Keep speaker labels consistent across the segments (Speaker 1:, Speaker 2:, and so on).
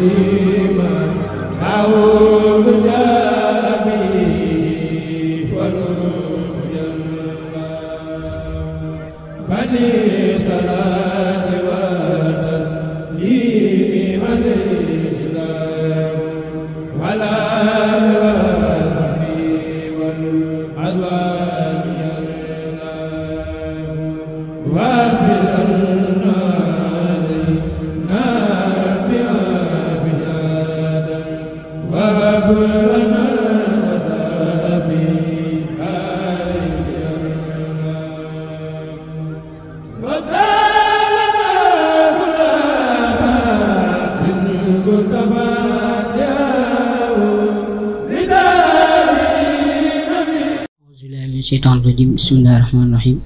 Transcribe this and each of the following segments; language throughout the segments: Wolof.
Speaker 1: bi
Speaker 2: shaytaan rajim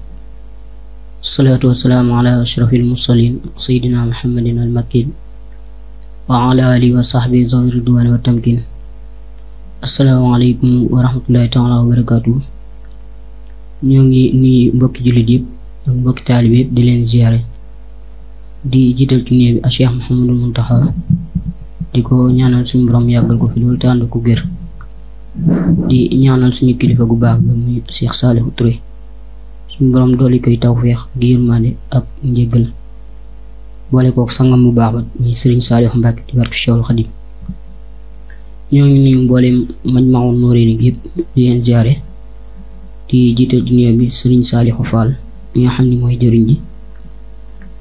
Speaker 2: bismillahi alihi wa sahbi zawi ridwan wa tamkin asalaamaaleykum wa rahmatullahi taala wa barakaatu ñoo ngi nuyu mbokki jullit mbokki taalib yëpp di leen ziyaare di jiital ci néew bi a Cheikh di ko ñaanal suñu borom yàggal ko fi loolu te ànd ko di ñaanal suñu kilifa gu baax ga muy Cheikh Saliou Touré suñu borom dooli koy tawfeex gi yërmande ak njëggal boole kook sangam bu baax ba muy Serigne Saliou Mbacke di barke Cheikhul Khadim ñoo ngi nuyu mboolem gi yëpp di bi Serigne Saliou Fall nga xam ni mooy jëriñ ji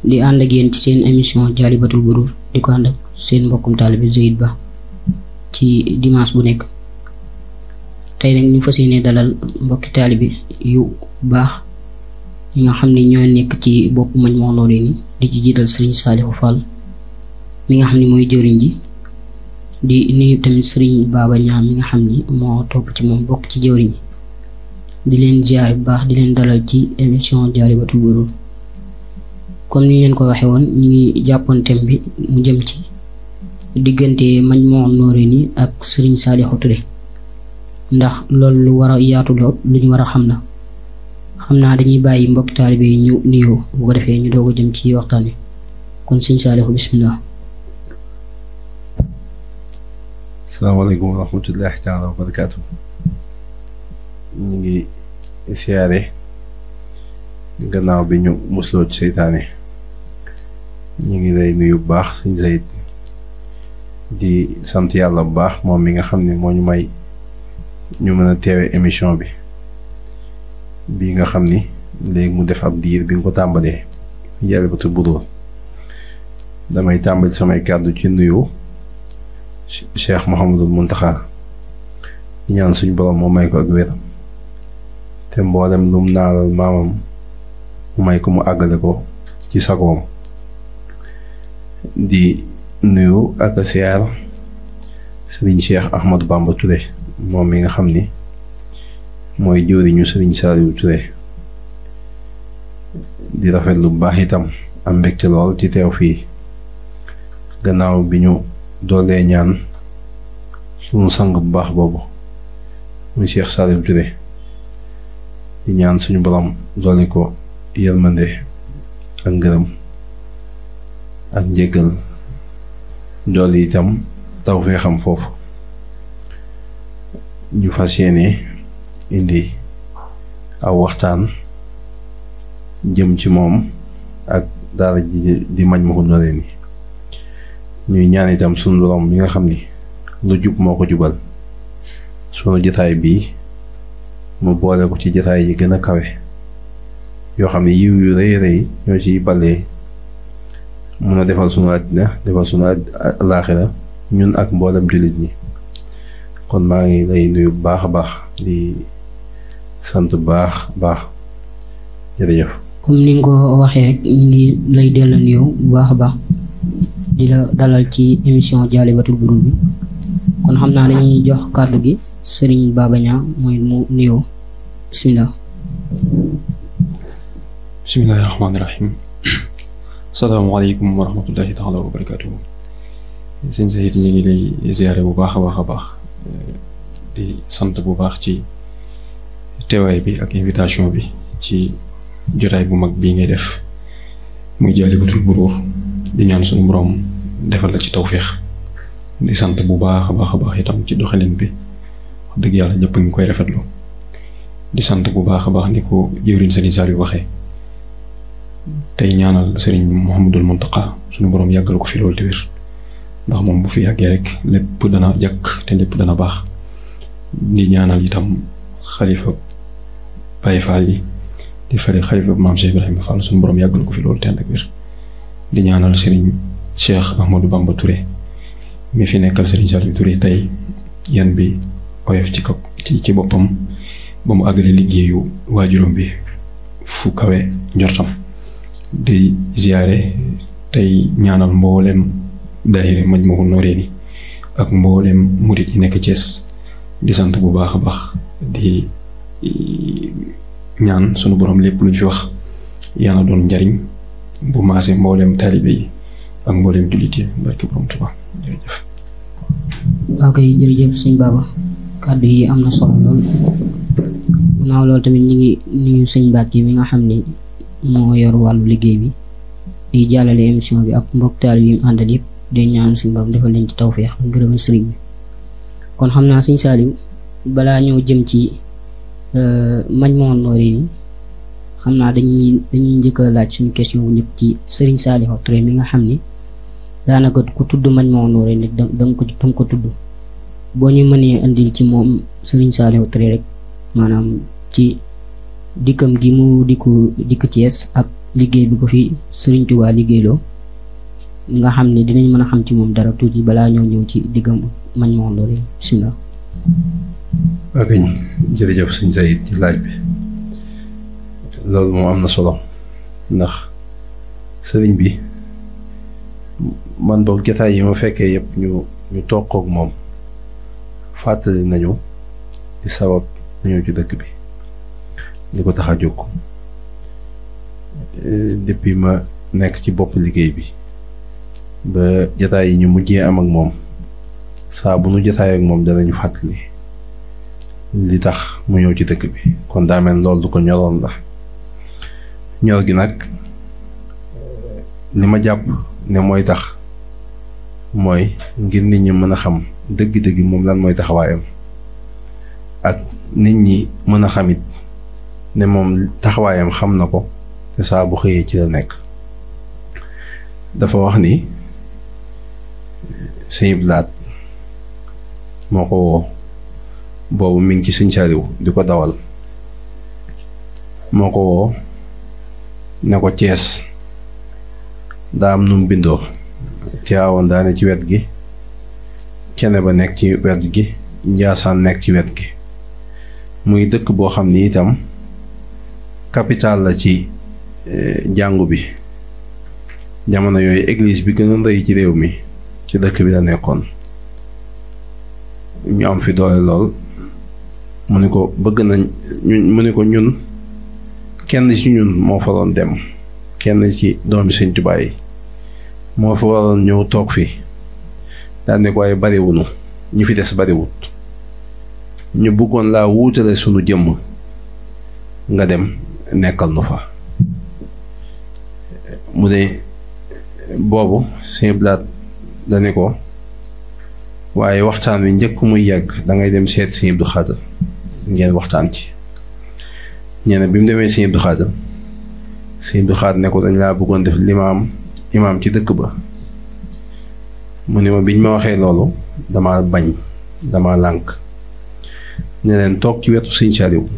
Speaker 2: di ànd ak yéen ci seen émission Jaalibatul Buruur di ko ànd ak seen mbokkum taalibe Zaid Ba ci dimanche bu nekk tey nag ñu ne yéene dalal mbokki taalibi yu baax yi nga xam ne ñoo nekk ci bokk Majmahun Nurayni di ci jiital Serigne Saliou Fall mi nga xam ne mooy jëriñ ji di nuyu sëriñ Serigne Baba Niang mi nga xam ni moo topp ci moom bokk ci jëriñ di leen ziar baax di leen dalal ci émission Dialibatoul Burour kon ni leen ko waxee woon ñu ngi jàppoon bi mu jëm ci diggante Majmahun Nurayni ak sëriñ Saliou Touré ndax lool lu war a yaatu lool lu ñu war a xam na xam naa dañuy bàyyi mbokki bi ñu nuyoo bu ko defee ñu doog a jëm ci waxtaan wi kon sëñ Saalihu bisimilah.
Speaker 3: salaamaaleykum wa rahmatullahi taala wa barakaatu ñu ngi siyaare gannaaw bi ñu musloo ci seytaane ñu ngi lay nuyu baax sëñ Zayd yàlla bu baax moom mi nga xam ne moo ñu may. ñu mën a teewee émission bi bii nga xam ni léegi mu def ab diir bi nga ko tàmbalee Dialibatoul Boudour damay tàmbali samay kàddu ci nuyu Cheikh Mouhamadul Mountakha ñaan suñu borom moo may ko ak wéram te mboolem lum naalal maamam mu may ko mu àggale ko ci sagoom di nuyu ak siyaar Serigne Cheikh Ahmadou Bamba Touré moom mi nga xam ni mooy jëwriñu sëriñ Saliou Touré di rafetlu bu baax itam am mbégte lool ci teew fii gannaaw bi ñu doolee ñaan sunu sang bu baax boobu muy Cheikh Saliou jure di ñaan suñu borom doole ko yërmande ak ngërëm ak njëggal doole itam taw fee xam foofu ñu fas yéene indi aw waxtaan jëm ci moom ak daara ji di Majmahun ni ñuy ñaan itam sunu borom bi nga xam ni lu jub moo ko jubal sunu jotaay bii mu boole ko ci jotaay yi gën a kawe yoo xam ne yiw yu rëy rëy ñoo ciy balee mun a defal sunu àddina defal sunu àllaaxira ñun ak mboolem jullit ñi kon maa ngi lay nuyu bu baax a baax di sant baax baax jërëjëf.
Speaker 2: comme ni nga ko waxee rek ñu ngi lay dell nuyoo bu baax a baax di dalal ci émission Dialibatoul Bourour bi kon xam naa dañuy jox kàddu gi sëriñ Baba Niang mooy mu nuyoo bisimilah. bisimilahi
Speaker 4: rahmaani rahim asalaamaaleykum wa a baax a baax di sant bu baax ci teewaay bi ak invitation bi ci jotaay bu mag bii ngay def muy Jaalibatul Buruur di ñaan suñu borom defal la ci tawféex di sant bu baax a baax a baax itam ci doxalin bi wax dëgg yàlla ñëpp ñu koy rafetlu di sant bu baax a baax ni ko jëwriñ sëriñ Saliou waxee tey ñaanal sëriñ Mouhamadul Mountakha suñu boroom yàggal ko fi loolu te ndax moom bu fi yàggee rek lépp dana jàkk te lépp dana baax di ñaanal itam xarifa Baye Fall yi di fari xalifa maam Cheikh Ibrahima Fall suñu borom yàggal ko fi loolu teen ak wér di ñaanal sëriñ Cheikh Ahmadou Bamba Touré mi fi nekkal sëriñ Saliou Touré tey yan bi oyof ci kaw ci boppam ba mu àggale liggéeyu waajuram bi fu kawe njortam di ziyaare tey ñaanal mboolem daayira Majmahun Nurayni ak mboolem murit yi nekk Thiès di sant bu baax a baax di ñaan sunu borom lépp lu ñu fi wax yàlla doon njariñ bu maasee mboolem taalibe yi ak mboolem jullit yi barke borom Tuubaa
Speaker 2: jërëjëf. waaw kay yi am na solo loolu tamit ñu ngi nuyu sëñ Mbàkke mi nga xam ni moo yor wàllu liggéey bi di jàllale émission bi ak mbokk taal yi mu àndal yëpp. de ñaan suñu borom defal leen ci tawféex ngërëm sëriñ bi kon xam naa suñ Saliou balaa ñoo jëm ci euh, Majmahun Nurayni xam naa dañuy dañuy njëkk a laaj suñu question bu njëkk ci Serigne Saliou Touré mi nga xam ni daanaka ku tudd Majmahun Nurayni da nga ko da nga ko tudd boo ñu mënee indil ci moom Serigne Saliou Touré rek maanaam ci dikkam gi mu dikku dikk Thiès ak liggéey bi ko fi Serigne Touba liggéeyloo nga xam ne dinañ mën a xam ci moom dara tuuti balaa ñoo ñëw ci diggam mañ moo loolu bismillah
Speaker 3: jërëjëf sëñ ci laaj bi loolu moom am na solo ndax sëriñ bi man boog jataay yi ma fekkee yëpp ñu ñu moom fàttali nañu ci sabab nañu ci dëkk bi li ko tax a jóg depuis ma nekk ci bopp liggéey bi ba jataay yi ñu mujjee am ak moom saa bu nu jataay ak moom danañu fàkk li tax mu ñëw ci dëkk bi kon daa mel loolu du ko ñoroon la ñor gi nag li ma jàpp ne mooy tax mooy ngir nit ñi mën a xam dëgg-dëgg moom lan mooy taxawaayam ak nit ñi mën a xamit ne moom taxawaayam xam na ko te saa bu xëyee ci la nekk dafa wax ni sëñ laat moo ko woo boobu mi ci sëñ Saaliw di ko dawal moo ko ne ko Cees daa am nu mu bindoo Tiwaawan daa ne ci wet gi kene ba nekk ci wet gi Njaasaan nekk ci wet gi muy dëkk boo xam ni itam capital la ci eh, jàngu bi jamono yooyu église bi gën a rëy ci réew mi ci dëkk bi la nekkoon ñu am fi doole lool mu ne ko bëgg nañ mu ne ko ñun kenn ci ñun moo fa doon dem kenn ci doomi Sëñ Tuubaa yi moo fa waroon ñëw toog fi daan ko waaye bariwunu ñu fi des bariwut ñu bëggoon laa wuutale sunu jëmm nga dem nekkal nu fa mu ne boobu Sëñ Blaat dane ko waaye waxtaan wi njëkk muy yàgg dangay dem seet sëñ du Khader ngeen waxtaan ci nee bi mu demee sëñ du Khader sëñ Abdou Khader ne ko dañ laa bëggoon def limaam imaam ci dëkk ba mu ne ma biñ ma waxee loolu dama bañ dama lànk ne toog ci wetu sëñ Saliou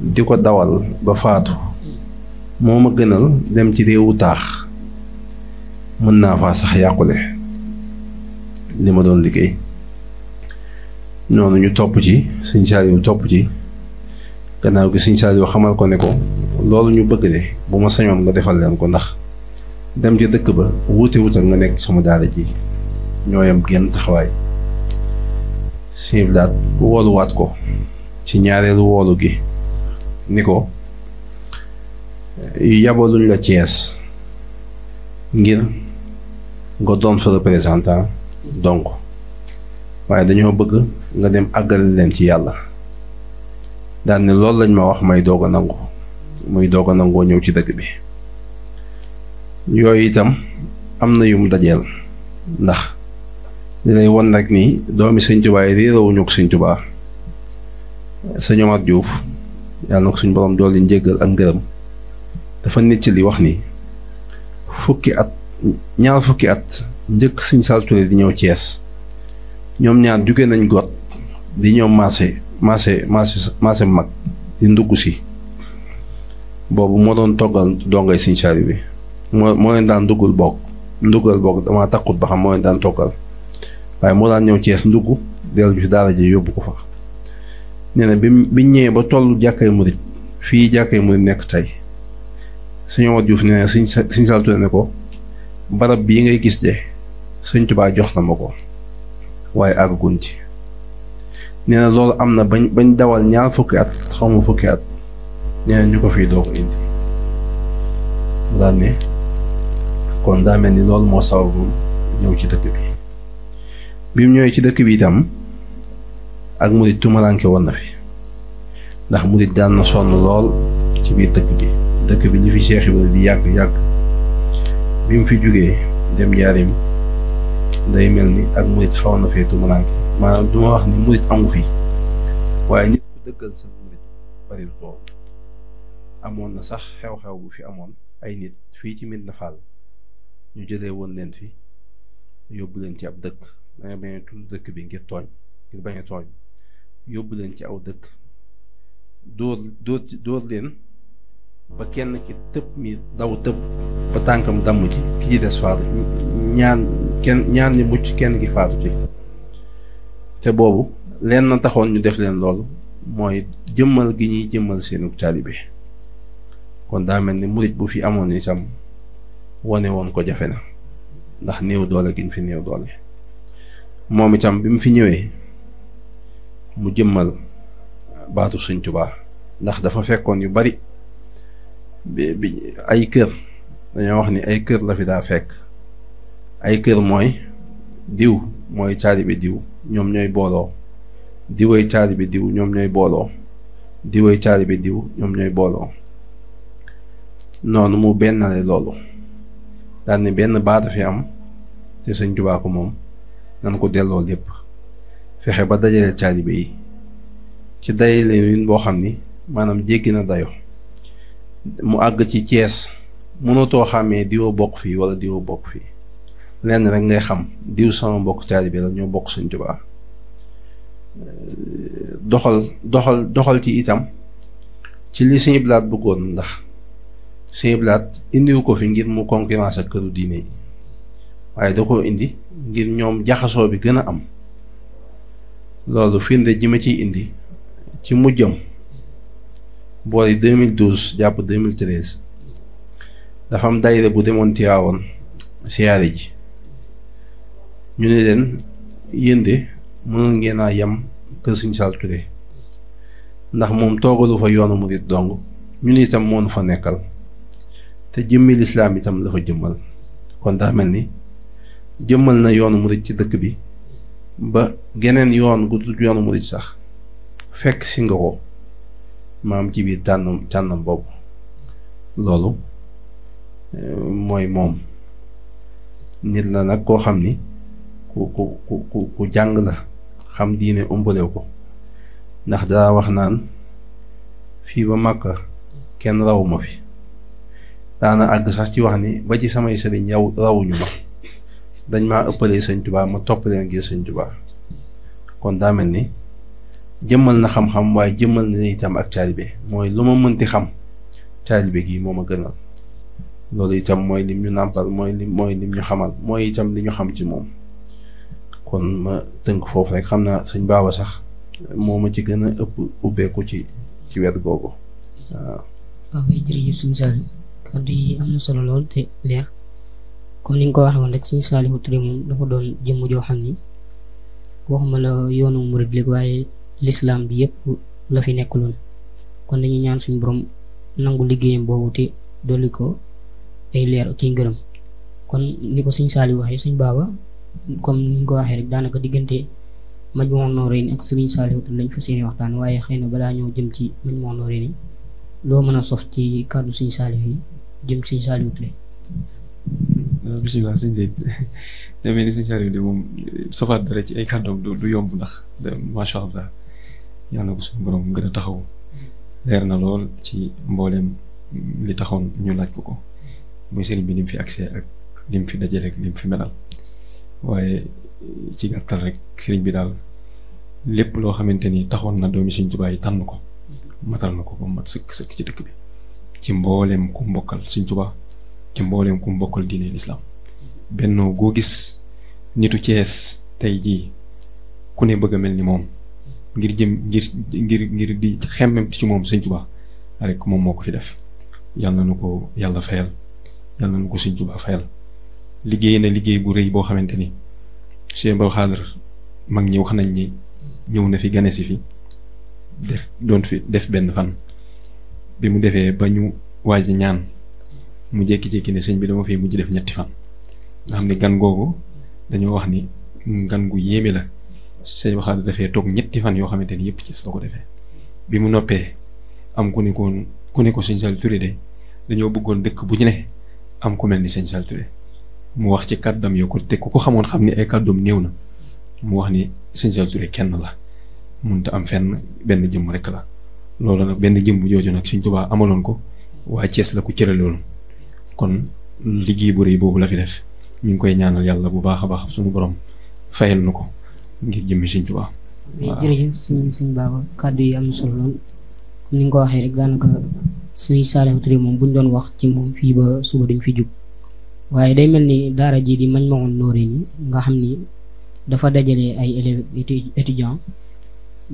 Speaker 3: di ko dawal ba faatu moo ma gënal dem ci réew wu taax mën naa faa sax yàqule li ma doon liggéey noonu ñu topp ci sëñ Saaliw topp ci gannaaw gi sëñ Saaliw xamal ko ne ko loolu ñu bëgg de bu ma sañoon nga defal leen ko ndax dem ci dëkk ba wuute wuute nga nekk sama daara ji ñooyam génn taxawaay sëñ Blaat wooluwaat ko ci ñaareelu woolu gi ni ko yabaluñ la Cees ngir nga doon fa représentant donc waaye dañoo bëgg nga dem àggale leen ci yàlla daan ni loolu lañ ma wax may doog a nangu muy doog a nangoo ñëw ci dëgg bi yooyu itam am na yu mu dajeel ndax li lay won rek nii doomi sëñ Tuubaa yi réerawuñu ko sëñ Tuubaa sëñ Omar yàlla na ko suñ borom dool li njéggal ak ngërëm dafa nit ci li wax ni fukki ñaar fukki at njëkk sëñ Sall di ñëw Thiès ñoom ñaar jugee nañ got di ñëw marché marché marché marché mag di ndugg si boobu moo doon toggal dongay sëñ Sall bi moo moo leen daan nduggal bokk nduggal bokk dama takkut ba xam moo daan toggal waaye moo daan ñëw Thiès ndugg dellu ci daara ji yóbbu ko fa nee na bi bi ñëwee ba tollu jàkkay murit fii jàkkay murit nekk tey sëñ Omar Diouf nee na sëñ Sall ne ko barab bii ngay gis de sëñ tubaa jox na ma ko waaye àggagun ci nee na loolu am na bañ bañ dawal ñaar fukki at xaw ma fukki at nee na ñu ko fii doo ko indi daan ne kon daa mel ni loolu moo sababu ñëw ci dëkk bi bi mu ñëwee ci dëkk bi itam ak murit tumaraanke woon na fi ndax murit daan na sonn lool ci biir dëkk bi dëkk bi li fi Cheikh Ibrahima di yàgg yàgg bi mu fi jógee dem njaarim day mel ni ak murit xawoon na fee tumuranke maanaam du ma wax ni murit amu fi waaye nit ku dëggal sa murit bariwul boobu amoon na sax xew-xew bu fi amoon ay nit fii ci Médina Fall ñu jële woon leen fi yóbbu leen ci ab dëkk danga bañ a tudd dëkk bi ngir tooñ ngir bañ a yóbbu leen ci aw dëkk dóor dóor leen ba kenn ki tëb mi daw tëb ba tànkam damm ci ki ci des faatu ñaan kenn ñaan ñi mucc kenn ki faatu ci te boobu leen na taxoon ñu def leen loolu mooy jëmmal gi ñuy jëmmal seenu taalibe kon daa mel ni murit bu fi amoon itam wane woon ko jafe na ndax néew doole gi ñu fi néew doole moom itam bi mu fi ñëwee mu jëmmal baatu Sëñ Tuubaa ndax dafa fekkoon yu bari bi ay kër dañoo wax ni ay kër la fi daa fekk ay kër mooy diw mooy caali bi diw ñoom ñooy booloo diwey caali bi diw ñoom ñooy booloo diwey caali bi diw ñoom ñooy booloo noonu mu bennale loolu daal benn baata fi am te Sëñ Tuubaa moom nan ko delloo lépp fexe ba dajale caali bi yi ci dajale win boo xam ni maanaam jéggi na dayo mu àgg ci Thiès mënatoo xàmmee diwa bokk fii wala diwa bokk fii lenn rek ngay xam diw sama mbokk taalibe la ñoo bokk Sëñ Tuubaa doxal doxal doxal ci itam ci li Sëñ Blaat bëggoon ndax Sëñ Blaat indiwu ko fi ngir mu concurrence ak këru diine yi waaye da koo indi ngir ñoom jaxasoo bi gën a am loolu firnde ji ma ciy indi ci mujjam booy 2012 jàpp 2013 dafa am dayre bu demoon Tiwaawoon siyaare ji ñu ne leen yéen mënul ngeen a yem kër Sëñ Saal Ture ndax moom toogalu fa yoonu murit dong ñun itam moonu fa nekkal te jëmmi lislaam itam la fa jëmmal kon daa mel ni jëmmal na yoonu murit ci dëkk bi ba geneen yoon gu dul yoonu murit sax fekk si nga ko maam ci biir tànnam tànnam boobu loolu eh, mooy moom nit la nag koo xam ni ku ku ku ku jàng la xam diine umbalew ko ndax daa wax naan fii ba màkka kenn rawuma fi daana àgg sax ci wax ni ba ci samay sëriñ yow rawuñu ma dañ maa ëppalee sëñ tubaa ma topp leen ngir sëñ tubaa kon daa mel ni jëmmal na xam-xam waaye jëmmal na itam ak taalibe mooy lu ma mënti xam taalibe gi moom a gënal loolu itam mooy lim ñu nàmpal mooy lim mooy ñu xamal mooy itam li ñu xam ci moom kon ma tënk foofu rek xam naa sëñ baaba sax moo ci gën a ëpp ubbeeku ci ci wet googu
Speaker 2: waaw. ok jërëjëf sëñ Saliou kàddu yi am na solo lool te leer comme ni nga ko waxee dafa doon jëmm joo xam ni waxuma la yoonu murid léegi waaye. lislaam bi yëpp la fi nekk nekkuloon kon dañu ñaan suñu borom nangu liggéeyam boobu te dolli ko ay leer ak ngërëm kon ni ko suñ saali waxee suñ baaba comme ni ñu ko waxee rek daanaka diggante Majmahun Nurayni ak suñu saali lañ fa seeni waxtaan waaye xëy na balaa ñëw jëm ci Majmahun loo mën a sof ci kàddu suñ saali yi jëm suñ saali wutule
Speaker 4: euh, bisimilah suñ sëy demee ni suñ saali de sofaat dara ci ay kàddoom du yomb ndax masha allah yàlla ko suñu borom gën a taxaw leer na lool ci mbooleem li taxoon ñu laaj ko ko muy sëriñ bi lim fi accès ak lim fi dajale ak lim fi melal waaye ci gàttal rek sëriñ bi daal lépp loo xamante ni taxoon na doomi Sëriñ Tuubaa yi tànn ko matal na ko ba mat sëkk sëkk ci dëkk bi ci mbooleem ku mbokkal Sëriñ Tuubaa ci mbooleem ku mbokkal diine lislaam bennoo goo gis nitu Cees tey jii ku ne bëgg a mel ni moom ngir jëm ngir ngir ngir di xemmem ci moom sëñ Tuubaa rek moom moo ko fi def yàlla na ko yàlla fayal yàlla na ko sëñ Tuubaa fayal liggéey na liggéey bu rëy boo xamante ni Cheikh Ba Xaadar mag ñëw wax nañ ni ñëw na fi gane si fi def doon fi def benn fan bi mu defee ba ñu waaj ñaan mu jekki jékki ne sëñ bi dama fee mujj def ñetti fan nga xam ne gan googu dañoo wax ni gan gu yéeme la sëñ waxaat dafee toog ñetti fan yoo xamante ni yëpp ci la ko defee bi mu noppee am ku ne ko ku ne ko sëñ Saliou de dañoo bëggoon dëkk bu ñu ne am ku mel ni sëñ Saliou mu wax ci kàddam yoo ko te ku ko xamoon xam ni ay kàddoom néew na mu wax ni sëñ Saliou kenn la mënut a am fenn benn jëmm rek la loolu nag benn jëmm jooju nag sëñ Tuubaa amaloon ko waa Cees la ko cëraloon kon liggéey bu rëy boobu la fi def ñu ngi koy ñaanal yàlla bu baax a baax suñu borom fayal nu ko. ngir jëmmi sëñ Tuubaa.
Speaker 2: kàddu yi am na solo lool ni nga ko waxee rek daanaka suñu Saliou Touré moom bu ñu doon wax ci moom fii ba suba duñ fi jub waaye day mel ni daara ji di mañ mawoon nooré ni nga xam ni dafa dajale ay élèves étudiants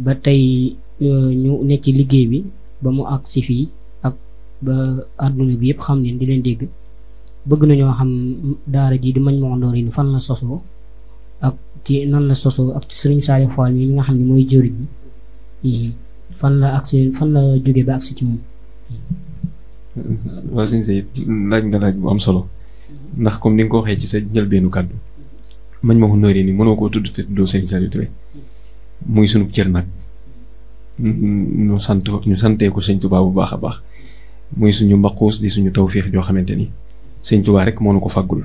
Speaker 2: ba tey euh, ñu nekk ci liggéey bi ba mu àgg si fii ak ba àdduna bi yëpp xam leen di leen dégg bëgg nañoo xam daara ji di mañ mawoon nooré ni fan la sosoo ak ci nan la sosoo ak sëriñ Saliou Fall mi nga xam ne mooy jëriñ bi mm, fan la agsi fan la jóge ba agsi ci moom.
Speaker 4: waa sëñ Seyd laaj nga laaj bu am solo ndax comme ni nga ko waxee ci sa njëlbeenu kàddu mañ ma ko nooree nii mënoo koo tudd te tuddoo sëñ Saliou Touré muy sunu cër nag ñu sant ñu santee ko bu baax a baax muy suñu mbaquus di suñu tawféex joo xamante ni sëñ Touba rek moo nu ko fàggul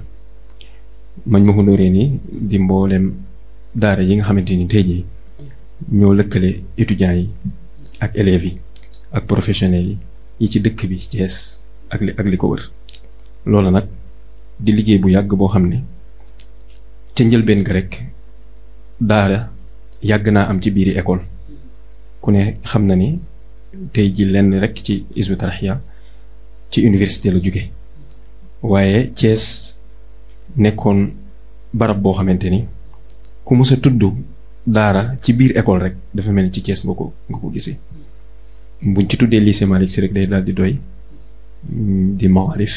Speaker 4: mañ ma ko nii di mbooleem daara yi nga xamante ni tey ji ñoo lëkkale étudiants yi ak élèves yi ak professionnels yi yi ci dëkk bi Thiès ak li ak li ko wër loolu nag di liggéey bu yàgg boo xam ne ca njëlbeen ga rek daara yàgg naa am ci biiri école ku ne xam na ni tey ji lenn rek ci Hizbut Tarqiyyah ci université la jóge waaye Thiès nekkoon barab boo xamante ni ku mës a tudd daara ci biir école rek dafa mel ni ci Thiès nga ko nga ko gisee buñ ci tuddee lycée Malick rek day daal di doy mm, di Maarif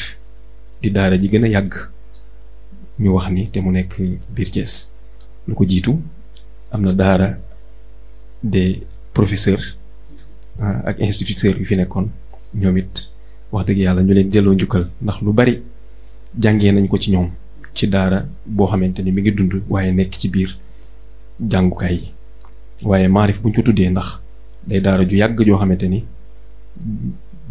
Speaker 4: di daara ji gën a yàgg ñu wax ni te mu nekk biir Thiès lu ko jiitu am na daara des professeurs ah, ak instituteurs yu fi nekkoon ñoom it wax dëgg yàlla ñu leen delloo njukkal ndax lu bari jàngee nañ ko ci ñoom. ci daara boo xamante ni mi ngi dund waaye nekk ci biir jàngukaay yi waaye maarif bu ñu ko tuddee ndax day daara ju yàgg joo xamante ni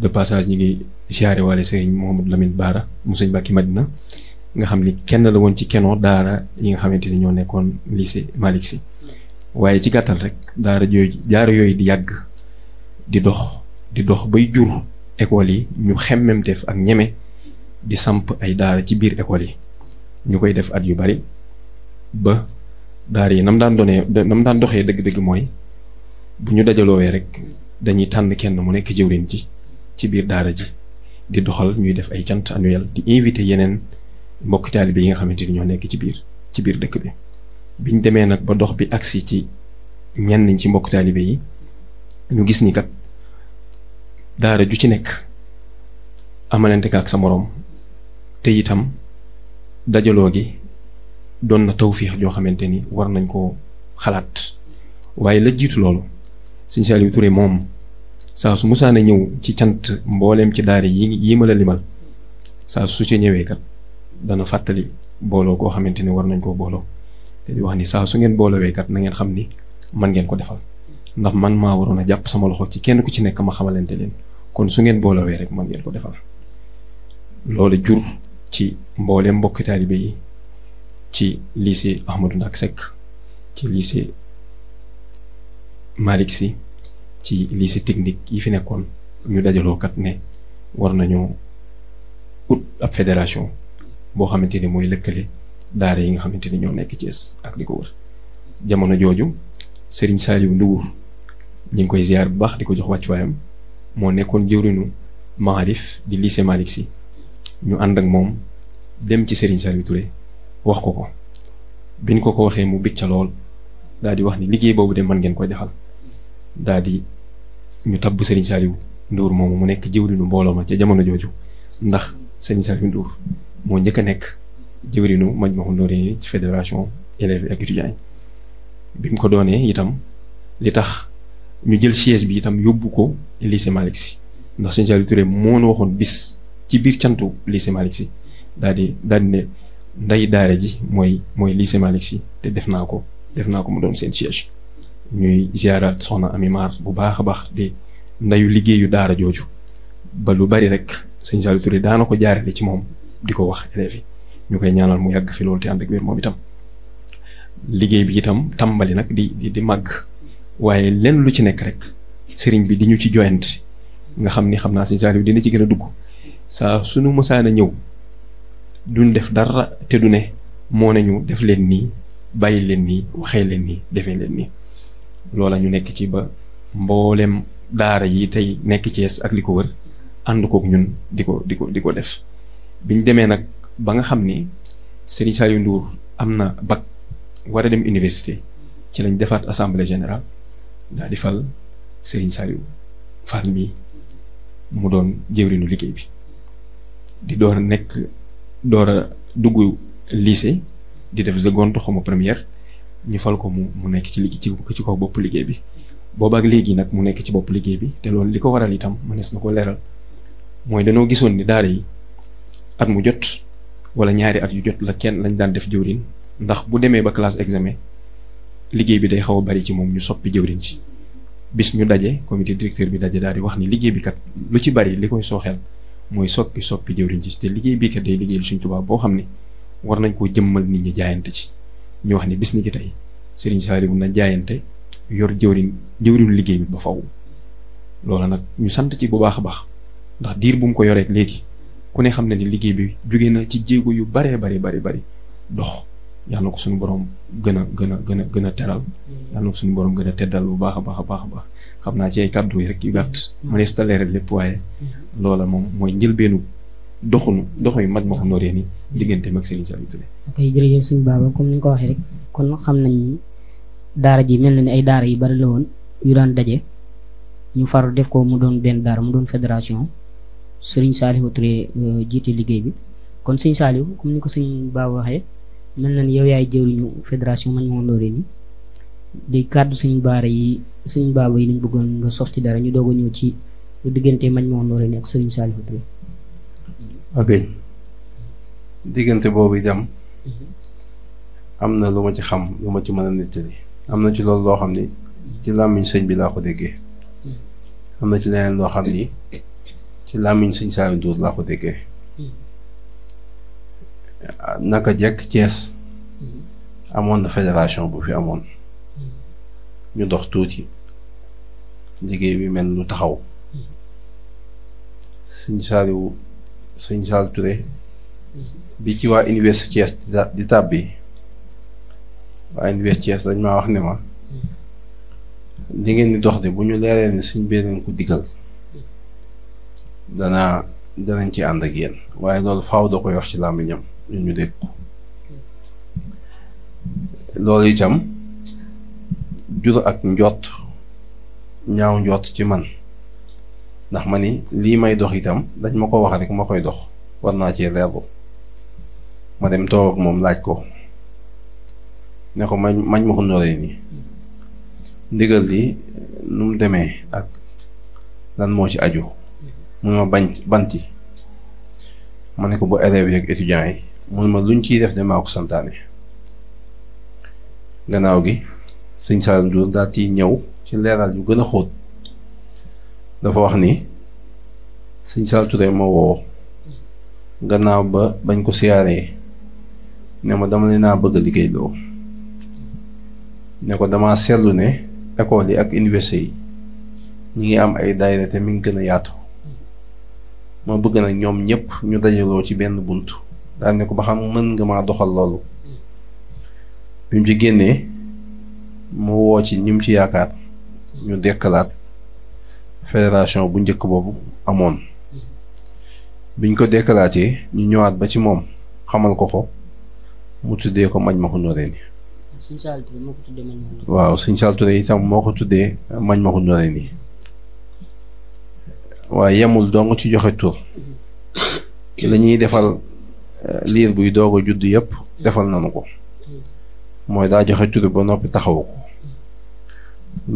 Speaker 4: de passage ñu ngi siyaare waale sëriñ moom Lamine Baara mu sëñ Mbàkke Madina nga xam ni kenn la woon ci kenoo daara yi nga xamante ni ñoo nekkoon lycée Malick si waaye ci gàttal rek daara yooyu jaar yooyu di yàgg di dox di dox bay jur école yi ñu xemmemteef ak ñeme di samp ay daara ci biir école yi ñu koy def at yu bari ba daar yi nam daan doonee nam daan doxee dëgg-dëgg mooy bu ñu dajaloowee rek dañuy tànn kenn mu nekk jëwriñ ci ci biir daara ji di doxal ñuy def ay cant annuel di invité yeneen mbokk taalibe yi nga xamante ni ñoo nekk ci biir ci biir dëkk bi biñ demee nag ba dox bi agsi ci ñenn ñi ci mbokk taalibe yi ñu gis ni kat daara ju ci nekk amalante ka ak sa moroom te itam dajaloo gi doon na tawfiix joo xamante ni war nañ koo xalaat waaye la jiitu loolu sëñ Saliou Touré moom saa su musaana ñëw ci cant mbooleem ci daara yii yi ma la limal saa su ci ñëwee kat dana fàttali booloo koo xamante ni war nañ koo booloo te di saa su ngeen boolowee na ngeen xam ni man ngeen ko defal ndax man maa waroon a jàpp sama loxo ci kenn ku ci nekk ma xamalante leen kon su ngeen boolowee rek man ngeen ko defal loolu jur. ci mboolem mbokki taalibe yi ci lycée Ahmadou ak Seck ci lycée maliksi ci lycée technique yi fi nekkoon ñu dajaloo kat ne war nañu ut ab fédération boo xamante ni mooy lëkkale daara yi nga xamante ni ñoo nekk Thiès ak di ko wër jamono jooju Serigne Saliou Ndour ñu ngi koy ziar bu baax di ko jox wàccuwaayam moo nekkoon jëwriñu Maarif di lycée Malick ñu ànd ak moom dem ci Serigne Saliou Touré wax ko ko biñ ko ko waxee mu bicc ca lool daal di wax ni liggéey boobu de man ngeen ko defal daal di ñu tabb Serigne Saliou Ndour moom mu nekk jëwriñu mbooloo ma ci jamono jooju ndax Serigne Saliou Ndour moo njëkk a nekk jëwriñu Majmahun Nurayni ci fédération élèves ak étudiants yi bi mu ko doonee itam li tax ñu jël siège bi itam yóbbu ko lycée Malick Sy ndax Serigne Saliou Touré moo nu waxoon bis. ci biir cantu lycée Malick Sy daal di daal di ne nday daara ji mooy mooy lycée Malick Sy te def naa ko def naa ko mu doon seen siège ñuy ziaraat soxna Ami Mar bu baax a baax di ndayu liggéeyu daara jooju ba lu bari rek sëñ Saliou Touré daana ko jaarale ci moom di ko wax élèves ñu koy ñaanal mu yàgg fi loolu te ànd ak wér moom itam liggéey bi itam tàmbali nag di di di màgg waaye len lu ci nekk rek sëriñ bi di ñu ci joyante nga xam ni xam naa sëñ Saliou dina ci gën a dugg saa suñu mosaan ñëw duñ def dara te du ne moo nañu def leen nii bàyyi leen nii waxee leen nii defee leen nii loola ñu nekk ci ba mbooleem daara yi tey nekk Cees ak li ko wër ànd kook ñun di ko di ko di ko def biñ demee nag ba nga xam ni Serigne Saliou Ndour am na bag war a dem université ci lañ defaat assemblée général daal di fal Serigne Saliou Fall mi mu doon jëwriñu liggéey bi di door a nekk door a dugg lycée di def seconde xaw ma première ñu fal ko mu mu nekk ci ci ci kaw bopp liggéey bi boobaak léegi nag mu nekk ci bopp liggéey bi te loolu li ko waral itam mënees na ko leeral mooy dañoo gisoon ni daara yi at mu jot wala ñaari at yu jot la kenn lañ daan def jëwrin ndax bu demee ba classe examen liggéey bi day xaw a bari ci moom ñu soppi jëwrin ci bis ñu daje comité directeur bi daje daal di wax ni liggéey bi kat lu ci bari li koy sooxeel mooy soppi soppi jëwriñ ci te liggéey bii kat day liggéeyal Sëriñ Tuubaa boo xam ne war nañ koo jëmmal nit ñi jaayante ci ñu wax ne bis ni ki tey Sëriñ Saaliw na jaayante yor jëwriñ jëwriñu liggéey bi ba faw loola nag ñu sant ci bu baax a baax ndax diir bu mu ko yoreek léegi ku ne xam ne ni liggéey bi jóge na ci jéego yu baree bari bari bari dox yàlla na ko suñu borom gën a gën a gën a gën a teral yàlla na ko suñu borom gën a teddal bu baax a baax a baax a baax xam naa ci ay kàddu yi rek yu gàtt mm-hmm. mënees ta leeral lépp waaye mm-hmm. loola moom mooy njëlbeenu doxunu doxuy mag ma xamnoo reen mm-hmm. diggante mag Serigne Saliou Touré
Speaker 2: ok jërëjëf suñu baaba comme ni ko waxee rek kon xam nañ ni daara ji mel na ni ay daara yu bari la woon yu daan daje ñu faru def ko mu doon benn daara mu doon fédération Serigne Saliou Touré euh, jiite liggéey bi kon Serigne Saliou comme ni ko Serigne Baba waxee mel na ni yow yaay jëwriñu fédération man ñu xamnoo i di kàddu suñu baara yi suñu baaba yi ñu bëggoon nga sof ci dara ñu doog a ñëw ci lu diggante Majmahun Nurayni ak Serigne Saliou Touré.
Speaker 3: ok diggante boobu itam am na lu ma ci xam lu ma ci mën a nettali am na ci loolu loo xam ni ci làmmiñ sëñ bi laa ko déggee am na ci leneen loo xam ni ci làmmiñ sëñ Saliou Touré laa ko déggee naka jekk cees amoon na fédération bu fi amoon. ñu dox tuuti liggéey bi mel lu taxaw sëñ Saliou sëñ Saliou bi ci waa université Thiès di tàbbi waa université Thiès dañ ma wax ne ma li ngeen di dox de bu ñu leeree ne suñ bee leen diggal danaa danañ ci ànd ak yéen waaye loolu faw da koy wax ci làmmiñam ñu dégg ko loolu itam jur ak njoot ñaaw njoot ci man ndax ma ni lii may dox itam dañ ma ko wax rek ma koy dox war naa cee leerlu ma dem toog ak moom laaj ko ne ko mañ mañ ma ko noree nii ndigal li nu mu demee ak lan moo ci aju mun ma bañ banti ma ne ko ba élèves yeeg étudiants yi mun ma luñ ciy def de maa santaane gannaaw gi sëñ Saalum Ndour daal ciy ñëw ci leeral yu gën a xóot dafa wax ni sëñ Sall Touré ma woo gannaaw ba bañ ko siyaaree ne ma dama leen naa bëgg a liggéey loo ne ko damaa seetlu ne école yi ak université yi ñu ngi am ay daayira te mi ngi gën a yaatu ma bëgg nag ñoom ñëpp ñu dajaloo ci benn bunt daal ne ko ba xam mën nga maa doxal loolu bi mu ci génnee mu woo ci ñim ci yaakaar ñu dekkalaat fédération bu njëkk boobu amoon biñ ko dekkalaatee ñu ñëwaat ba ci moom xamal ko ko mu tuddee ko Majmahun Nurayni waaw Sëñ Saal Touré itam moo ko tuddee Majmahun Nurayni waaye yemul dong ci joxe tur lañuy ñuy defal liir buy doog a judd yëpp defal nanu ko mm. mooy daa joxe tur ba noppi taxawu ko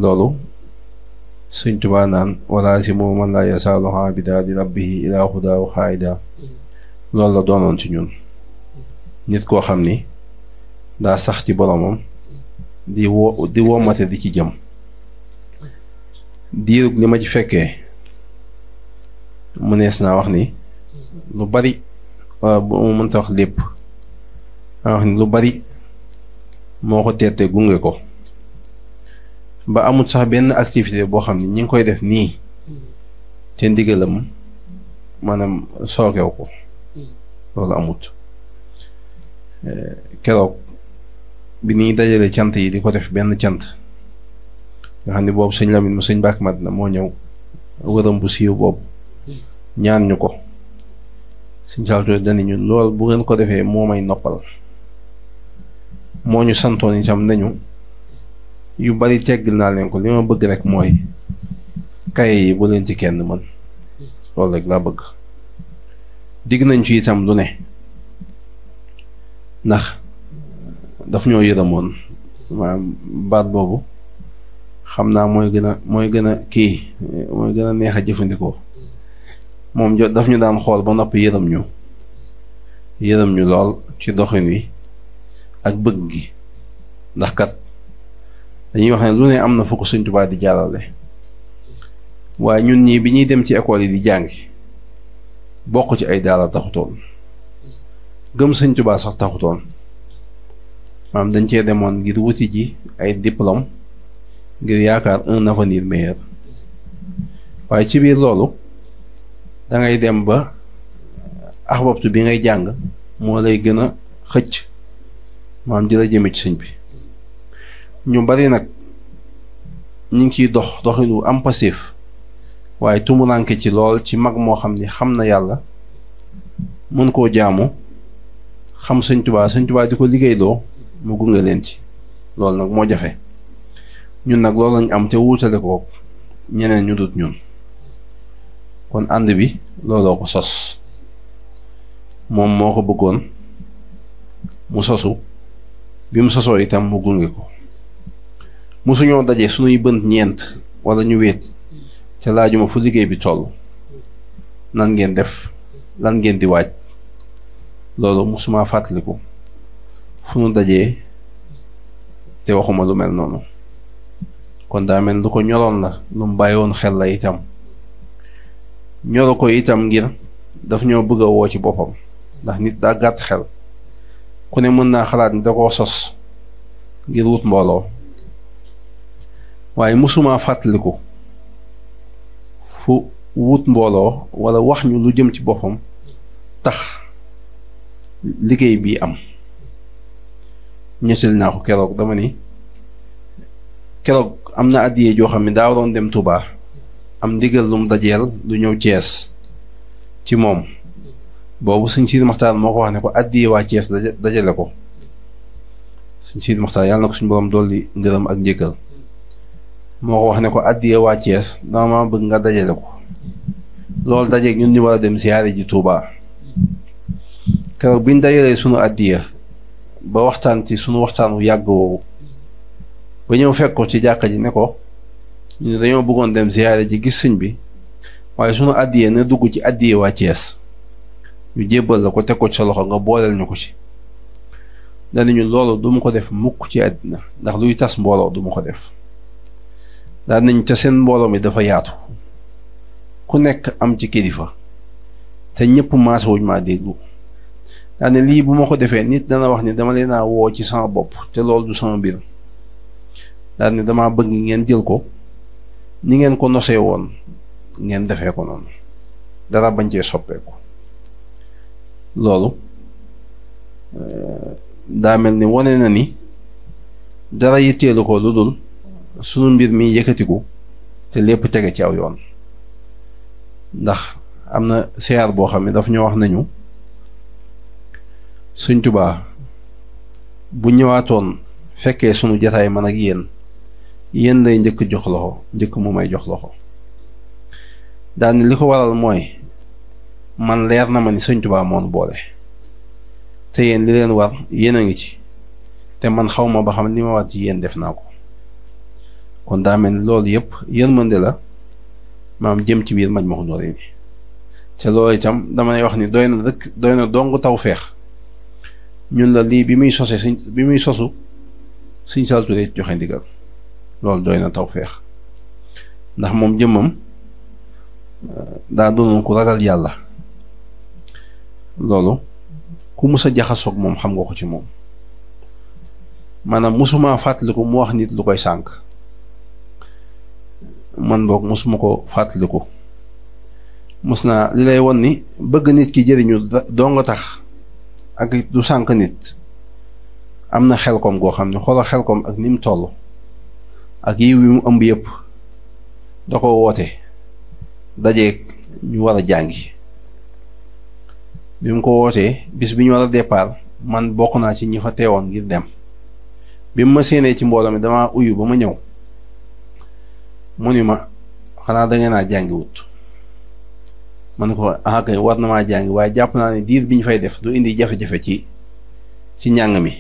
Speaker 3: loolu suñ tubaa naan walaasimu man laa bi daal di rabbihi ilaa hudaaw xaayida loolu la doonoon ci ñun nit koo xam ni daa sax ci boroomam di wo di womate di ci jëm diirug li ma ci fekkee mënees naa wax ni lu bari wala bu ma mënta wax lépp naa wax ni lu bari moo ko teete gunge ko ba amul sax benn activité boo xam ne ñi ngi koy def nii hmm. te ndigalam maanaam soogew ko hmm. loolu amut eh, keroog bi ñuy dajale cant yi di ko def benn cant nga xam ne boobu sëñ Lamin mu sëñ Bàkk na moo ñëw wëram bu siiw boobu hmm. ñaan ñu ko sëñ Saaliw danañu lool bu ngeen ko defee moo may noppal moo ñu santoon itam nañu yu bari tegg naa leen ko li ma bëgg rek mooy kaye yi bu leen ci kenn man loolu rek laa bëgg digg nañ ci itam lu ne ndax daf ñoo yërëmoon maanaam baat boobu xam naa mooy gën a mooy gën a kii mooy gën a neex a jëfandikoo moom jo daf ñu daan xool ba noppi yërëm ñu yërëm ñu lool ci doxin wi ak bëgg gi ndax kat dañuy wax ne lu ne am na fu ko Sëñ Tuubaa di jaarale waaye ñun ñii bi ñuy dem ci école yi di jàngi bokk ci ay daara taxutoon gëm Sëñ Tuubaa sax taxutoon maanaam dañ cee demoon ngir wuti ji ay diplôme ngir yaakaar un avenir meilleur waaye ci biir loolu dangay dem ba axbabtu bi ngay jàng moo lay gën a xëcc maanaam di la ci sëñ bi ñu bari nag ñu ngi ciy dox doxinu am passif waaye tumuranke ci lool ci mag moo xam ni xam na yàlla mën koo jaamu xam sëñ tubaa sëñ tubaa di ko liggéeyloo mu gunge leen ci loolu nag moo jafe ñun nag loolu am te wuutale ko ñeneen ñu dut ñun kon ànd bi ko sos moom moo ko bëggoon mu sosu bi mu sosoo itam mu ko mosuñoo daje suñuy bënt ñeent walla ñu wéet te laajuma fu liggéey bi toll nan ngeen def lan ngeen di waaj loolu mosumaa fàttaliku fu nu dajee te waxuma lu mel noonu kon daa mel lu ko ñoroon la lu mu bàyyi woon xel la itam ñoro ko itam ngir daf ñoo bëgg a woo ci boppam ndax nit daa gàtt xel ku ne mën naa xalaat ni da koo sos ngir wut mbooloo waaye mosumaa fàttaliku fu wut mbooloo walla wax ñu lu jëm ci boppam tax liggéey bii am ñettali naa ko keroog dama ni keroog am na àddiyee joo xam ne daa waroon dem Touba am ndigal lu mu dajeel lu ñëw Cees ci moom boobu sëñ Siidi Maxtaar moo ko wax ne ko àddiyee waa Cees dajale ko sëñ Siidi Maxtaar yàlla na ko suñ borom dolli ngërëm ak njëkkal moo wax ne ko addiye waa Thiès dama bëgg nga dajale ko loolu dajeeg ñun ñu war a dem siyaare ji Touba keroog biñ dajalee sunu addiye ba waxtaan ci sunu waxtaan wu yàgg woowu ba ñëw fekk ko ci jàkka ji ne ko ñu dañoo bëggoon dem siyaare ji gis sëñ bi waaye sunu àddiye na dugg ci addiye waa Thiès ñu jébbal la ko teg ko ci sa loxo nga booleel ñu ko ci danañu loolu du mu ko def mukk ci àddina ndax luy tas mbooloo du ma ko def daan nañ ca seen mbooloo mi dafa yaatu ku nekk am ci kilifa te ñëpp maase wuñ maa déglu daan ne lii bu ma ko defee nit dana wax ni dama leen a woo ci sama bopp te loolu du sama mbir daan ne damaa bëgg ngeen jël ko ni ngeen ko nosee woon ngeen defee ko noonu dara bañ jee soppeeku loolu euh, daa mel ni wane na ni dara yi yitteelu ko lu dul sunu mbir mi yëkkatiku te lépp tege ci aw yoon ndax am na siyaar boo xam ne daf ñoo wax nañu Sëñ Tuubaa bu ñëwaatoon fekkee sunu jataay man ak yéen yéen lay njëkk jox loxo njëkk mu may jox loxo daani li ko waral mooy man leer na ma ni Sëñ Tuubaa moon boole te yéen li leen war yéen a ngi ci te man xaw ma ba xam li ma ci yéen def naa ko kon daa mel ni loolu yëpp yërmande la maam jëm ci biir maj ma ko dooree ni te loolu itam damay wax ni doy na rëkk doy na dong taw feex ñun la lii bi muy sosee suñ bi muy sosu suñ salture joxe ndigal loolu doy na taw feex ndax moom jëmmam euh, daa doonoon ku ragal yàlla loolu ku mus a jaxasoog moom xam nga ko ci moom maanaam musumaa fàttaliku mu wax nit lu koy sànk man boog mosuma ko fàttaliku mos naa lilay lay won ni bëgg nit ki jëriñu doo nga tax ak du sànq nit am na xel koom goo xam ne xoolal xel koom ak ni mu toll ak yiw wi mu ëmb yëpp da ko woote dajeeg ñu war a jàngi bi mu ko wootee bis bi ñu war a départ man bokk naa ci ñi fa teewoon ngir dem bi mu ma ci mbooloo mi dama uyu ba ma ñëw mu ni ma xanaa da naa jàngiwut ma ne ko ah kay war na maa jàngi waaye jàpp naa ne diir bi ñu fay def du indi jafe-jafe ci ci njàng mi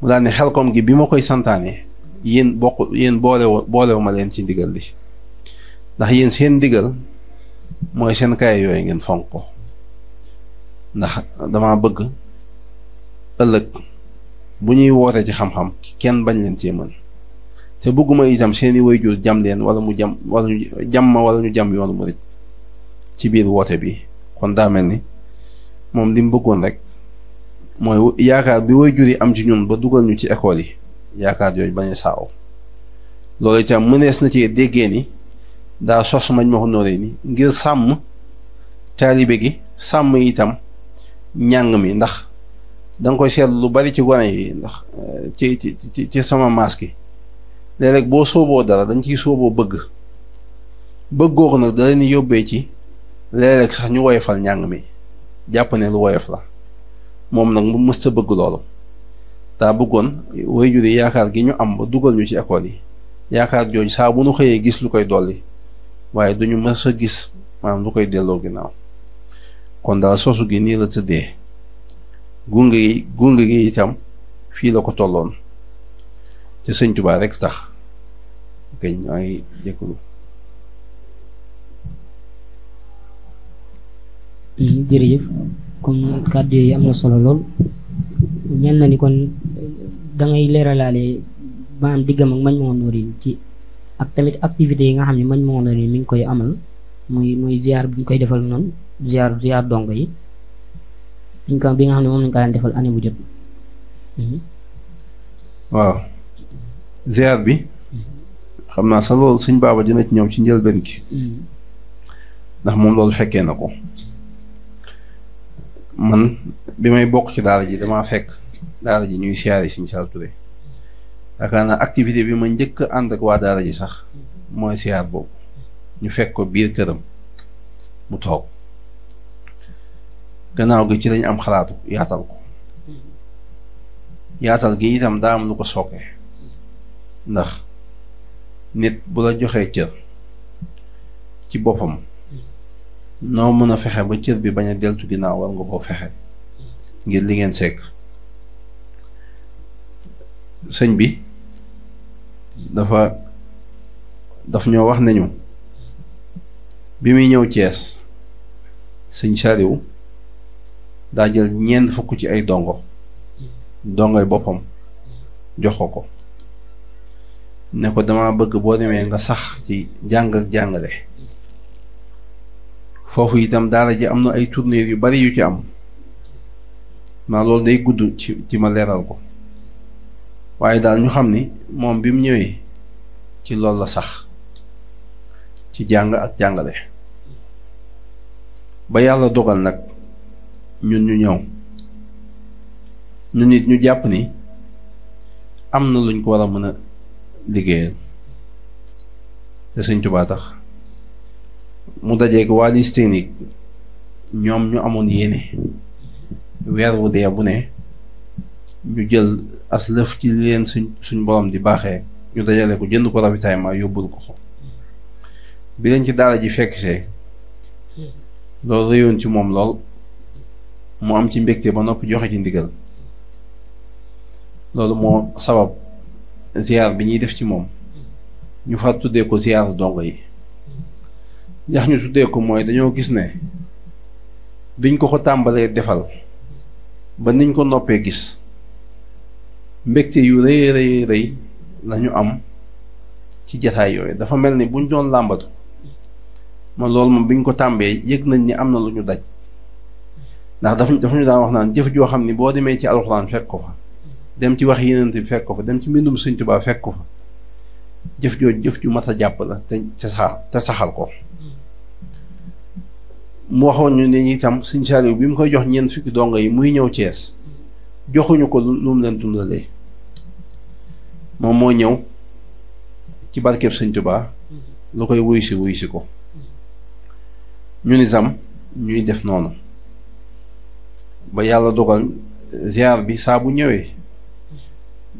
Speaker 3: mu daal ne xelkom gi bi ma koy santaane yéen bokk yéen ma leen ci ndigal li ndax yéen seen ndigal mooy seen kaye yooyu ngeen fonk ko ndax dama bëgg ëllëg bu ñuy woote ci xam-xam kenn bañ leen cee mën te bëgguma itam seeni waajur jam leen wala mu jam wala ñu jam ma wala ñu jam yoonu murit ci biir woote bi kon daa mel ni moom li bëggoon rek mooy yaakaar bi waajur yi am ci ñoom ba dugal ñu ci école yi yaakaar yooyu bañ a saaw loolu itam mënees na cee déggee ni daa sos mañ ma ko ni ngir sàmm taalibe gi sàmm itam ñàng mi ndax danga koy seet lu bari ci gone yi ndax eh, ci ci ci sama maas gi léeg boo sooboo dara dañ ci sóoboo bëgg bëgg nag da ni yóbbee ci léeg sax ñu woyofal njàng mi jàpp ne lu woyof la moom nag mu mës sa bëgg loolu daa bëggoon waajur yi yaakaar gi ñu am ba dugal ñu ci école yi yaakaar jooju saa bu nu xëyee gis lu koy dolli waaye duñu mës a gis maanaam lu koy delloo ginnaaw kon daal soosu gi nii la tëddee gunge gi gi itam fii la ko tolloon te sëñ Tuubaa rekk tax këñ maa ngi jëkkulu
Speaker 2: hmm, jërëjëf comme kàddu yi am na solo lool mel na ni kon dangay leeralaale maanaam diggam ak Majmahun Nurayni ci ak tamit activités yi nga xam ne Majmahun Nurayni mi ngi koy amal muy muy ziar bi ñu koy defal noonu ziar ziar dongo yi biñ ko bi nga xam ne moom lañ ko daan defal année bu jot hmm.
Speaker 3: waaw ziar bi xam naa sa loolu sëñ baaba dina ñëw ci njëlbeen ki ndax moom loolu fekkee na ko man bi may bokk ci daara ji damaa fekk daara ji ñuy siyaare siñ Saal Touré yaakaar naa activité bi ma njëkk a ànd ak waa daara ji sax mooy siyaar boobu ñu fekk ko biir këram mu toog gannaaw gi ci lañ am xalaatu yaatal ko yaatal gi itam daa am lu ko sooke ndax nit bu la joxee cër ci boppam noo mën a fexe ba cër bi bañ a deltu ginnaaw war nga koo fexe ngir li ngeen sekk sëñ bi dafa daf ñoo wax nañu bi muy ñëw Cees sëñ Saliou daa jël ñeent fukk ci ay dongo dongoy boppam jox ko ko ne ko dama bëgg boo demee nga sax ci jàng ak jàngale foofu itam daara ji am na ay tournée yu bari yu ci am naa loolu day gudd ci ci ma leeral ko waaye daal ñu xam ni moom bi mu ñëwee ci loolu la sax ci jàng ak jàngale ba yàlla dogal nag ñun ñu ñëw ñun nit ñu jàpp ni am na luñ ko war a mën a liggéeyal te sëñ Tuubaa tax mu dajeeg waa Listini ñoom ñu amoon yéene weer wu dee bu ne ñu jël as lëf ci leen suñ suñ borom di baaxee ñu dajale ko jënd ko ravitaillement yóbbul ko ko bi leen ci daara ji fekk see loolu réyoon ci moom lool mu am ci mbégte ba noppi joxe ci ndigal loolu moo sabab ziar bi ñuy def ci moom ñu far tuddee ko ziar dongo yi ndax ñu tuddee ko mooy dañoo gis ne biñ ko ko tàmbalee defal ba niñ ko noppee gis mbégte yu rëy rëy rëy lañu am ci jataay yooyu dafa mel ni buñ doon làmbatu ma loolu moom biñ ko tàmbee yëg nañ ni am na lu ñu daj ndax dafa dafa ñu daan wax naan jëf joo xam ni boo demee ci alxuraan fekk ko fa dem ci wax yeneen bi fekk ko fa dem ci mbindum sëñ Tuubaa fekk ko fa jëf jooju jëf ju mat a jàpp la te te saxal te saxal ko mu waxoon ñu ne ñi sëñ Saaliw bi mu koy jox ñeent fukki dongo yi muy ñëw Cees joxuñu ko lu mu leen dundalee moom moo ñëw ci barkeb sëñ Tuubaa lu koy wuy si wuy si ko ñun ñuy def noonu ba yàlla dogal ziar bi saa bu ñëwee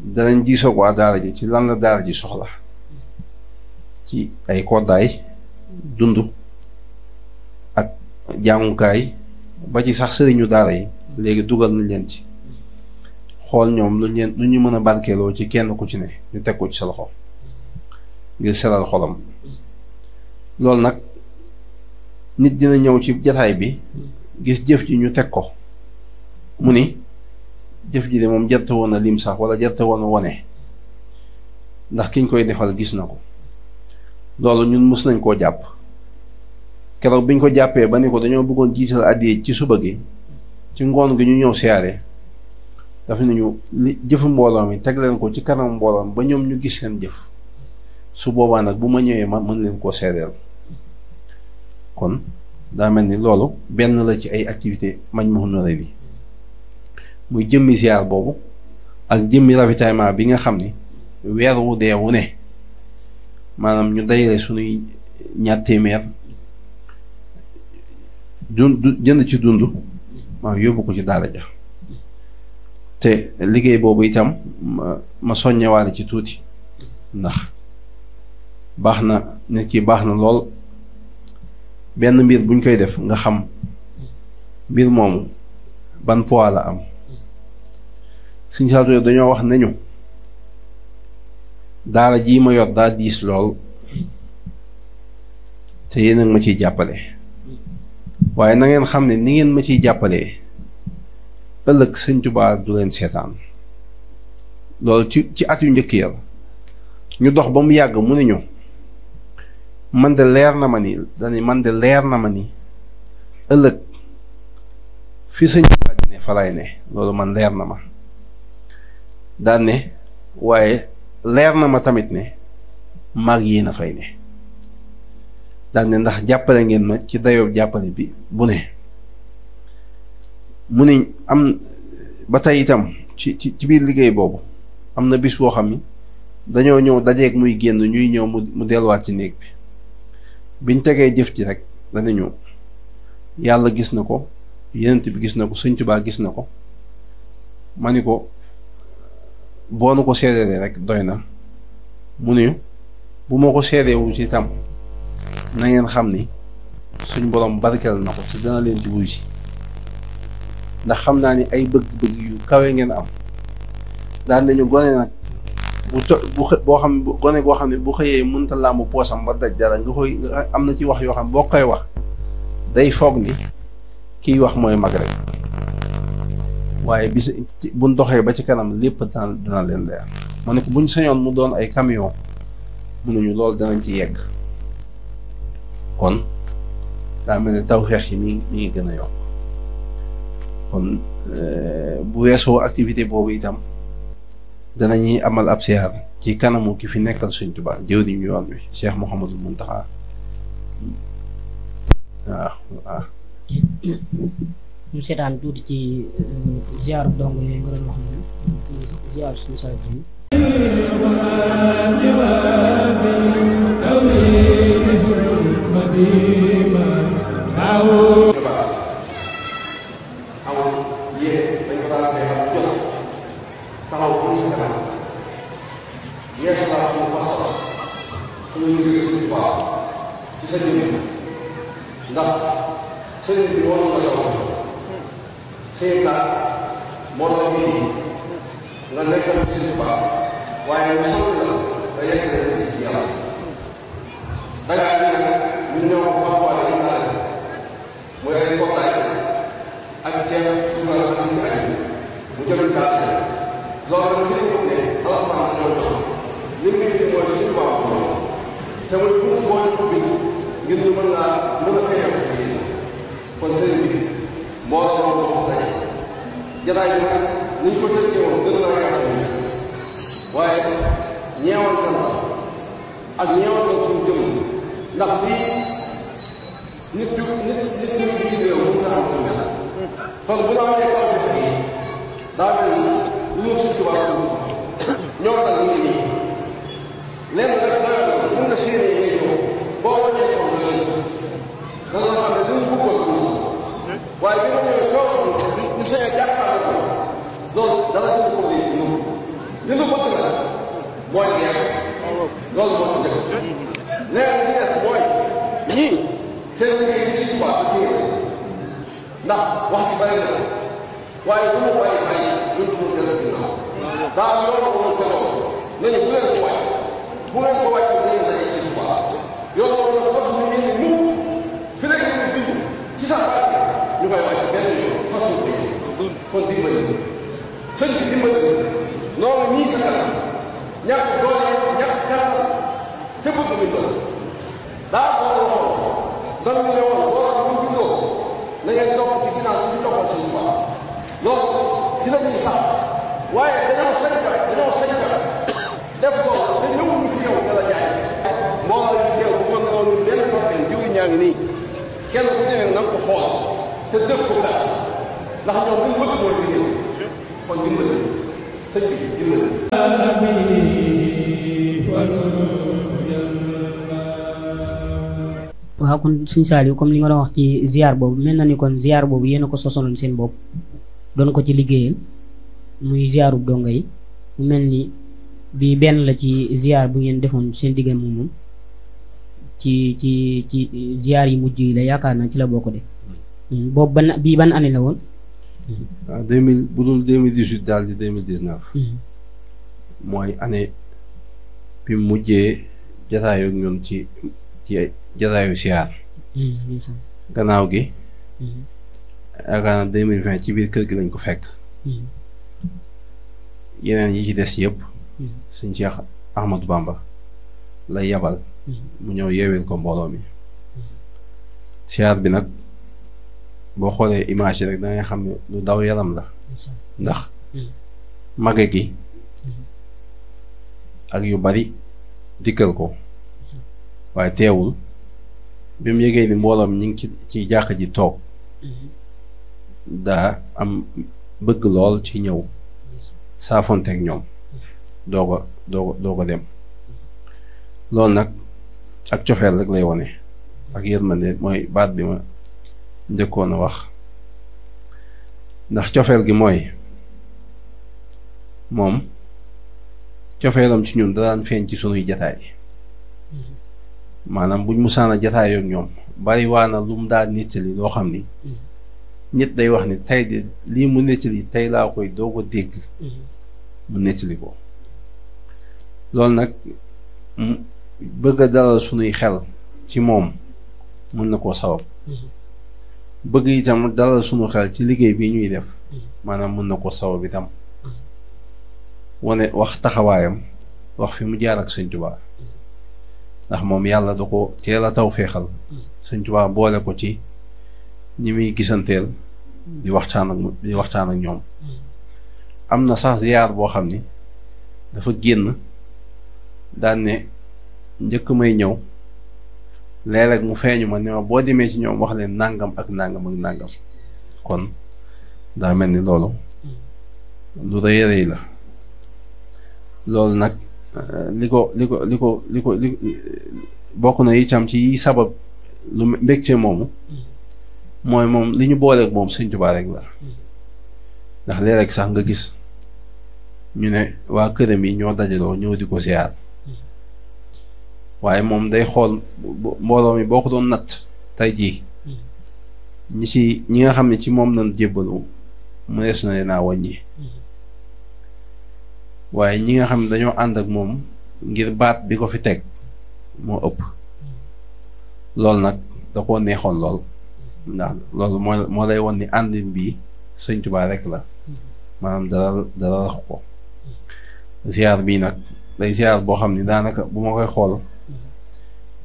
Speaker 3: danañ diisoog waa daara ji ci lan la daara ji soxla ci ay koddaay dund ak jàngukaay ba ci sax sëriñu daara yi léegi dugal nañ leen ci xool ñoom lu ñu mën a barkeeloo ci kenn ku ci ne ñu teg ko ci sa loxo ngir seral xolam loolu nag nit dina ñëw ci jataay bi gis jëf ji ñu teg ko mu ni jëf ji de moom jarte woon na lim sax wala jarte woon wone ndax kiñ koy defal gis na ko loolu ñun mës nañ koo jàpp keroog biñ ko jàppee ba ne ko dañoo bëggoon jiital àddiyee ci suba gi ci ngoon gi ñu ñëw siyaare dafa nañu li jëfu mbooloom mi teg leen ko ci kanam mbooloom ba ñoom ñu gis seen jëf su boobaan nag bu ma ñëwee ma mën leen koo seedeel kon daa mel ni loolu benn la ci ay activité Majmahun Nurayni bi muy jëmmi ziar boobu ak jëmmi ravitaillement bi nga xam ni weer wu dee wu ne maanaam ñu dajale suñuy ñaar téeméer jënd ci dund maanaam yóbbu ko ci daara ja te liggéey boobu itam ma soññewaale ci tuuti ndax baax na nit ki baax na lool benn mbir buñ koy def nga xam mbir moomu ban poids la am sëñ Saaliw dañoo wax nañu daala jii ma yor daa diis lool te yéen ma ciy jàppale waaye na ngeen xam ne ni ngeen ma ciy jàppalee ëllëg sëñ Tuubaa du leen seetaan loolu ci ci at yu njëkk ya ñu dox ba mu yàgg mu ne ñu man de leer na ma ni man de leer na ma ni ëllëg fi sëñ Tuubaa ne fa ne loolu man leer na ma daan waaye leer na ma tamit ne mag yéen a fay ne daan ne ndax jàppale ngeen ma ci dayoob jàppale bi bu ne mu ne am ba tey itam ci ci ci biir liggéey boobu am na bis boo xam ni dañoo ñëw dajeeg muy génn ñuy ñëw mu mu delluwaat ci néeg bi biñ tegee jëf ji rek danañu yàlla gis na ko yenent bi gis na ko Sëñ Tuubaa gis na ko ma ni ko boo nu ko seedeelee rek doy na mu ne bu ma ko seedeewu ci tam na ngeen xam ni suñ borom barkeel na ko te dana leen di wuy si ndax xam naa ni ay bëgg-bëgg yu kawe ngeen am daal nañu gone nag bu co bu boo xam gone goo xam ne bu xëyee mënta làmb poosam ba daj dara nga koy am na ci wax yoo xam boo koy wax day foog ni kiy wax mooy mag rek waaye bi si ba ci kanam lépp dana leen leer ma ne ko buñ sañoon mu doon ay camion mënuñu loolu danañ ci yegg kon daa mel ne xeex yi mi mi ngi gën a yokk kon eh, bu weesoo activité boobu itam danañuy amal ab siyaar ci kanamu ki fi nekkal Sëñ Tuubaa jëwriñu yoon wi Cheikh Mouhamadul Mountakha waaw waaw
Speaker 2: ñu seetaan tuuti ci euh, ziaru dong yooyu nga doon wax noonu ziaru suñu saa yi.
Speaker 1: ndax sëriñ bi waroon na sa seen taal moo la nii nga nekkal ci suñu baax waaye lu soxla la nga yegg leen ci yàlla Dakar bi nag ñu ñëw Fapal yi taal mooy ay portail ak ceeb suñu la ak ay mu jëm taal loolu fi ñu ne alxuraan ñoo tax li ñu fi mooy suñu baax te muy pour mooy pour bi ngir ñu mën laa mën a fayal kon sëñ bi moo la jataay bi ni ñu ko tënkee woon gën naa yaatu waaye ñeewante la ak ñeewante suñu jëm ndax lii nit ñu nit nit ñu ngi réew mun nga am kon kon bu ñu amee kaw daa mel ni lu ñu ñoo tax ñu ngi nii lenn na mun nga séenee ngay ñëw boo wàññee kaw nga leen da nga xam ne dañu bëggoon waaye bi ma ñu sañ a jàkkaarloo loolu dara dina ko wéy ci ñoom li ñu bëgg nag mooy leer loolu moo ci njëkk leer li des mooy ñii seen liggéey li si quoi du téye ndax wax ci bëri na waaye bu mu bàyyi bàyyi ñun du mu dellu ginnaaw daa loolu ko woon tegoo nañu bu leen ko wàcc bu leen ko wàcc bu leen dañuy si quoi yoon wala ko ñu ngi kon dimbali ko sëñ bi dimbali ko noonu ñii sa kanam ñàkk doole ñàkk kàttan te bëgg ñu doon daa boole woon doon ñu ne woon wala bu ñu juddoo na ngeen topp ci ginnaaw ñu toppoon suñu bopp loolu ci la ñuy sax waaye dañoo sañ ba dañoo sañ ba def ko te ñëwuñu fi yow dala moo la ñu teew bu mën noonu benn bopp yi jiwu ñaa nii kenn ku ci ne na nga ko te def ko daal ndax ñoom li
Speaker 2: waaw kon suñu saal comme li nga doon wax ci ziar boobu mel na ni kon ziar boobu yéen ko sosaloon seen bopp doon ko ci liggéeyal muy ziarub donga yi mu mel ni bi benn la ci ziar bu ngeen defoon seen diggam moom ci ci ci ziar yi mujj yi la yaakaar naa ci la bokk ko def hmm, ban bii la woon ah
Speaker 3: deux bu dul deux mille dix huit daal di deux hmm. mooy année bi mujjee jataayu ak ñun ci ci jataayu siyaar. Hmm, gannaaw gi. Hmm. yaakaar naa mille vingt ci biir kër gi lañ ko fekk. yeneen yi ci des yëpp. suñ Cheikh Ahmadou Bamba la yabal. mu ñëw yeewil ko mbooloo mi. siyaar bi nag. boo xoolee image rek da ngay xam ne lu daw yaram la. ndax mage gi ak yu bari dikkal ko waaye teewul bi mu yëgee ni mbooloom ñi ngi ci ci jàkk ji toog daa am bëgg lool ci ñëw saafonteeg ñoom doo ko doo ko doo ko dem loolu nag ak cofeel rek lay wane ak yërmande mooy baat bi ma njëkkoon a wax ndax cofeel gi mooy moom cofeelam ci ñun da daan feeñ ci sunuy jataay maanaam buñ musaana jataayoog ñoom bari waana lu mu daa nettali loo xam ni ñett day wax ni tey de lii mu nettali tey laa koy doo ko dégg mu nettali ko loolu nag bëgg a dalal sunuy xel ci moom mën na koo sabab bëgg itam dalal sunu xel ci liggéey bi ñuy def mm-hmm. maanaam mën na ko sabab itam mm-hmm. wane wax taxawaayam wax fi mu jaar ak sëñ mm-hmm. ndax moom yàlla da ko teel a taw feexal sëñ boole ko ci ñi muy gisanteel di waxtaan ak waxtaan ak ñoom am na sax ziyaar boo xam ni dafa génn daan njëkk may ñëw léeg mu feeñu ma ne ma boo demee ci ñoom wax leen nàngam ak nangam ak nangam kon daa mel ni loolu lu rëy rëy la loolu nag euh, li ko li ko li ko li ko li bokk na itam ci yi sabab lu mbégte moomu mooy moom li ñu booleeg moom Sëñ Tuubaa rek la ndax léeg sax nga gis ñu ne waa këram yi ñoo dajaloo ñëw di ko siyaar waaye moom day xool mbooloo mi boo ko doon natt tey jii ñi ci ñi nga xam ne ci moom lañ jébbalu mënees na leen waaye ñi nga xam ne dañoo ànd ak moom ngir baat bi ko fi teg moo ëpp loolu nag da koo neexoon lool ndax loolu moo moo lay won ni àndin bi sëñ Tuubaa rek la maanaam dara dara rax ko ziar bii nag day ziar boo xam ni daanaka bu ma koy xool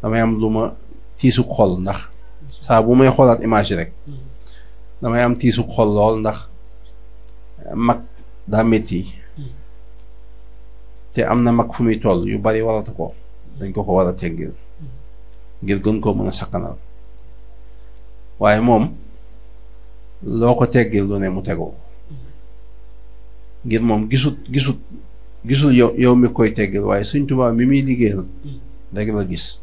Speaker 3: damay am lu ma tiisu xol ndax saa bu may xoolaat image rek damay am tiisu xol lool ndax mag daa métti te am na mag fu muy toll yu bari waratu ko dañ ko ko war a teggil ngir gën koo mën a sakkanal waaye moom loo ko teggil lu ne mu tegoo ngir moom gisut gisut gisul yow yow mi koy teggil waaye Sëñ Tuubaa mi muy liggéeyal rek la gis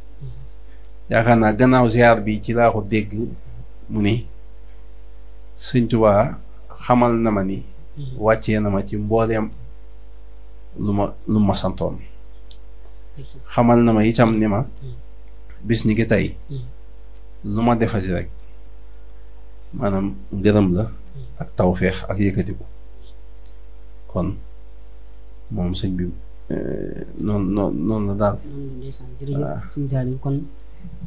Speaker 3: yaakaar naa gannaaw ziar bi ci laa ko dégg mu ni sëñ xamal na ma ni wàccee na ma ci mbooleem lu ma lu ma xamal na ma itam ni ma bis ni ki tey lu ma defati rek maanaam ngërëm la ak tawféex ak yëkkatiku kon moom sëñ bi eh, noonu noonu la daal.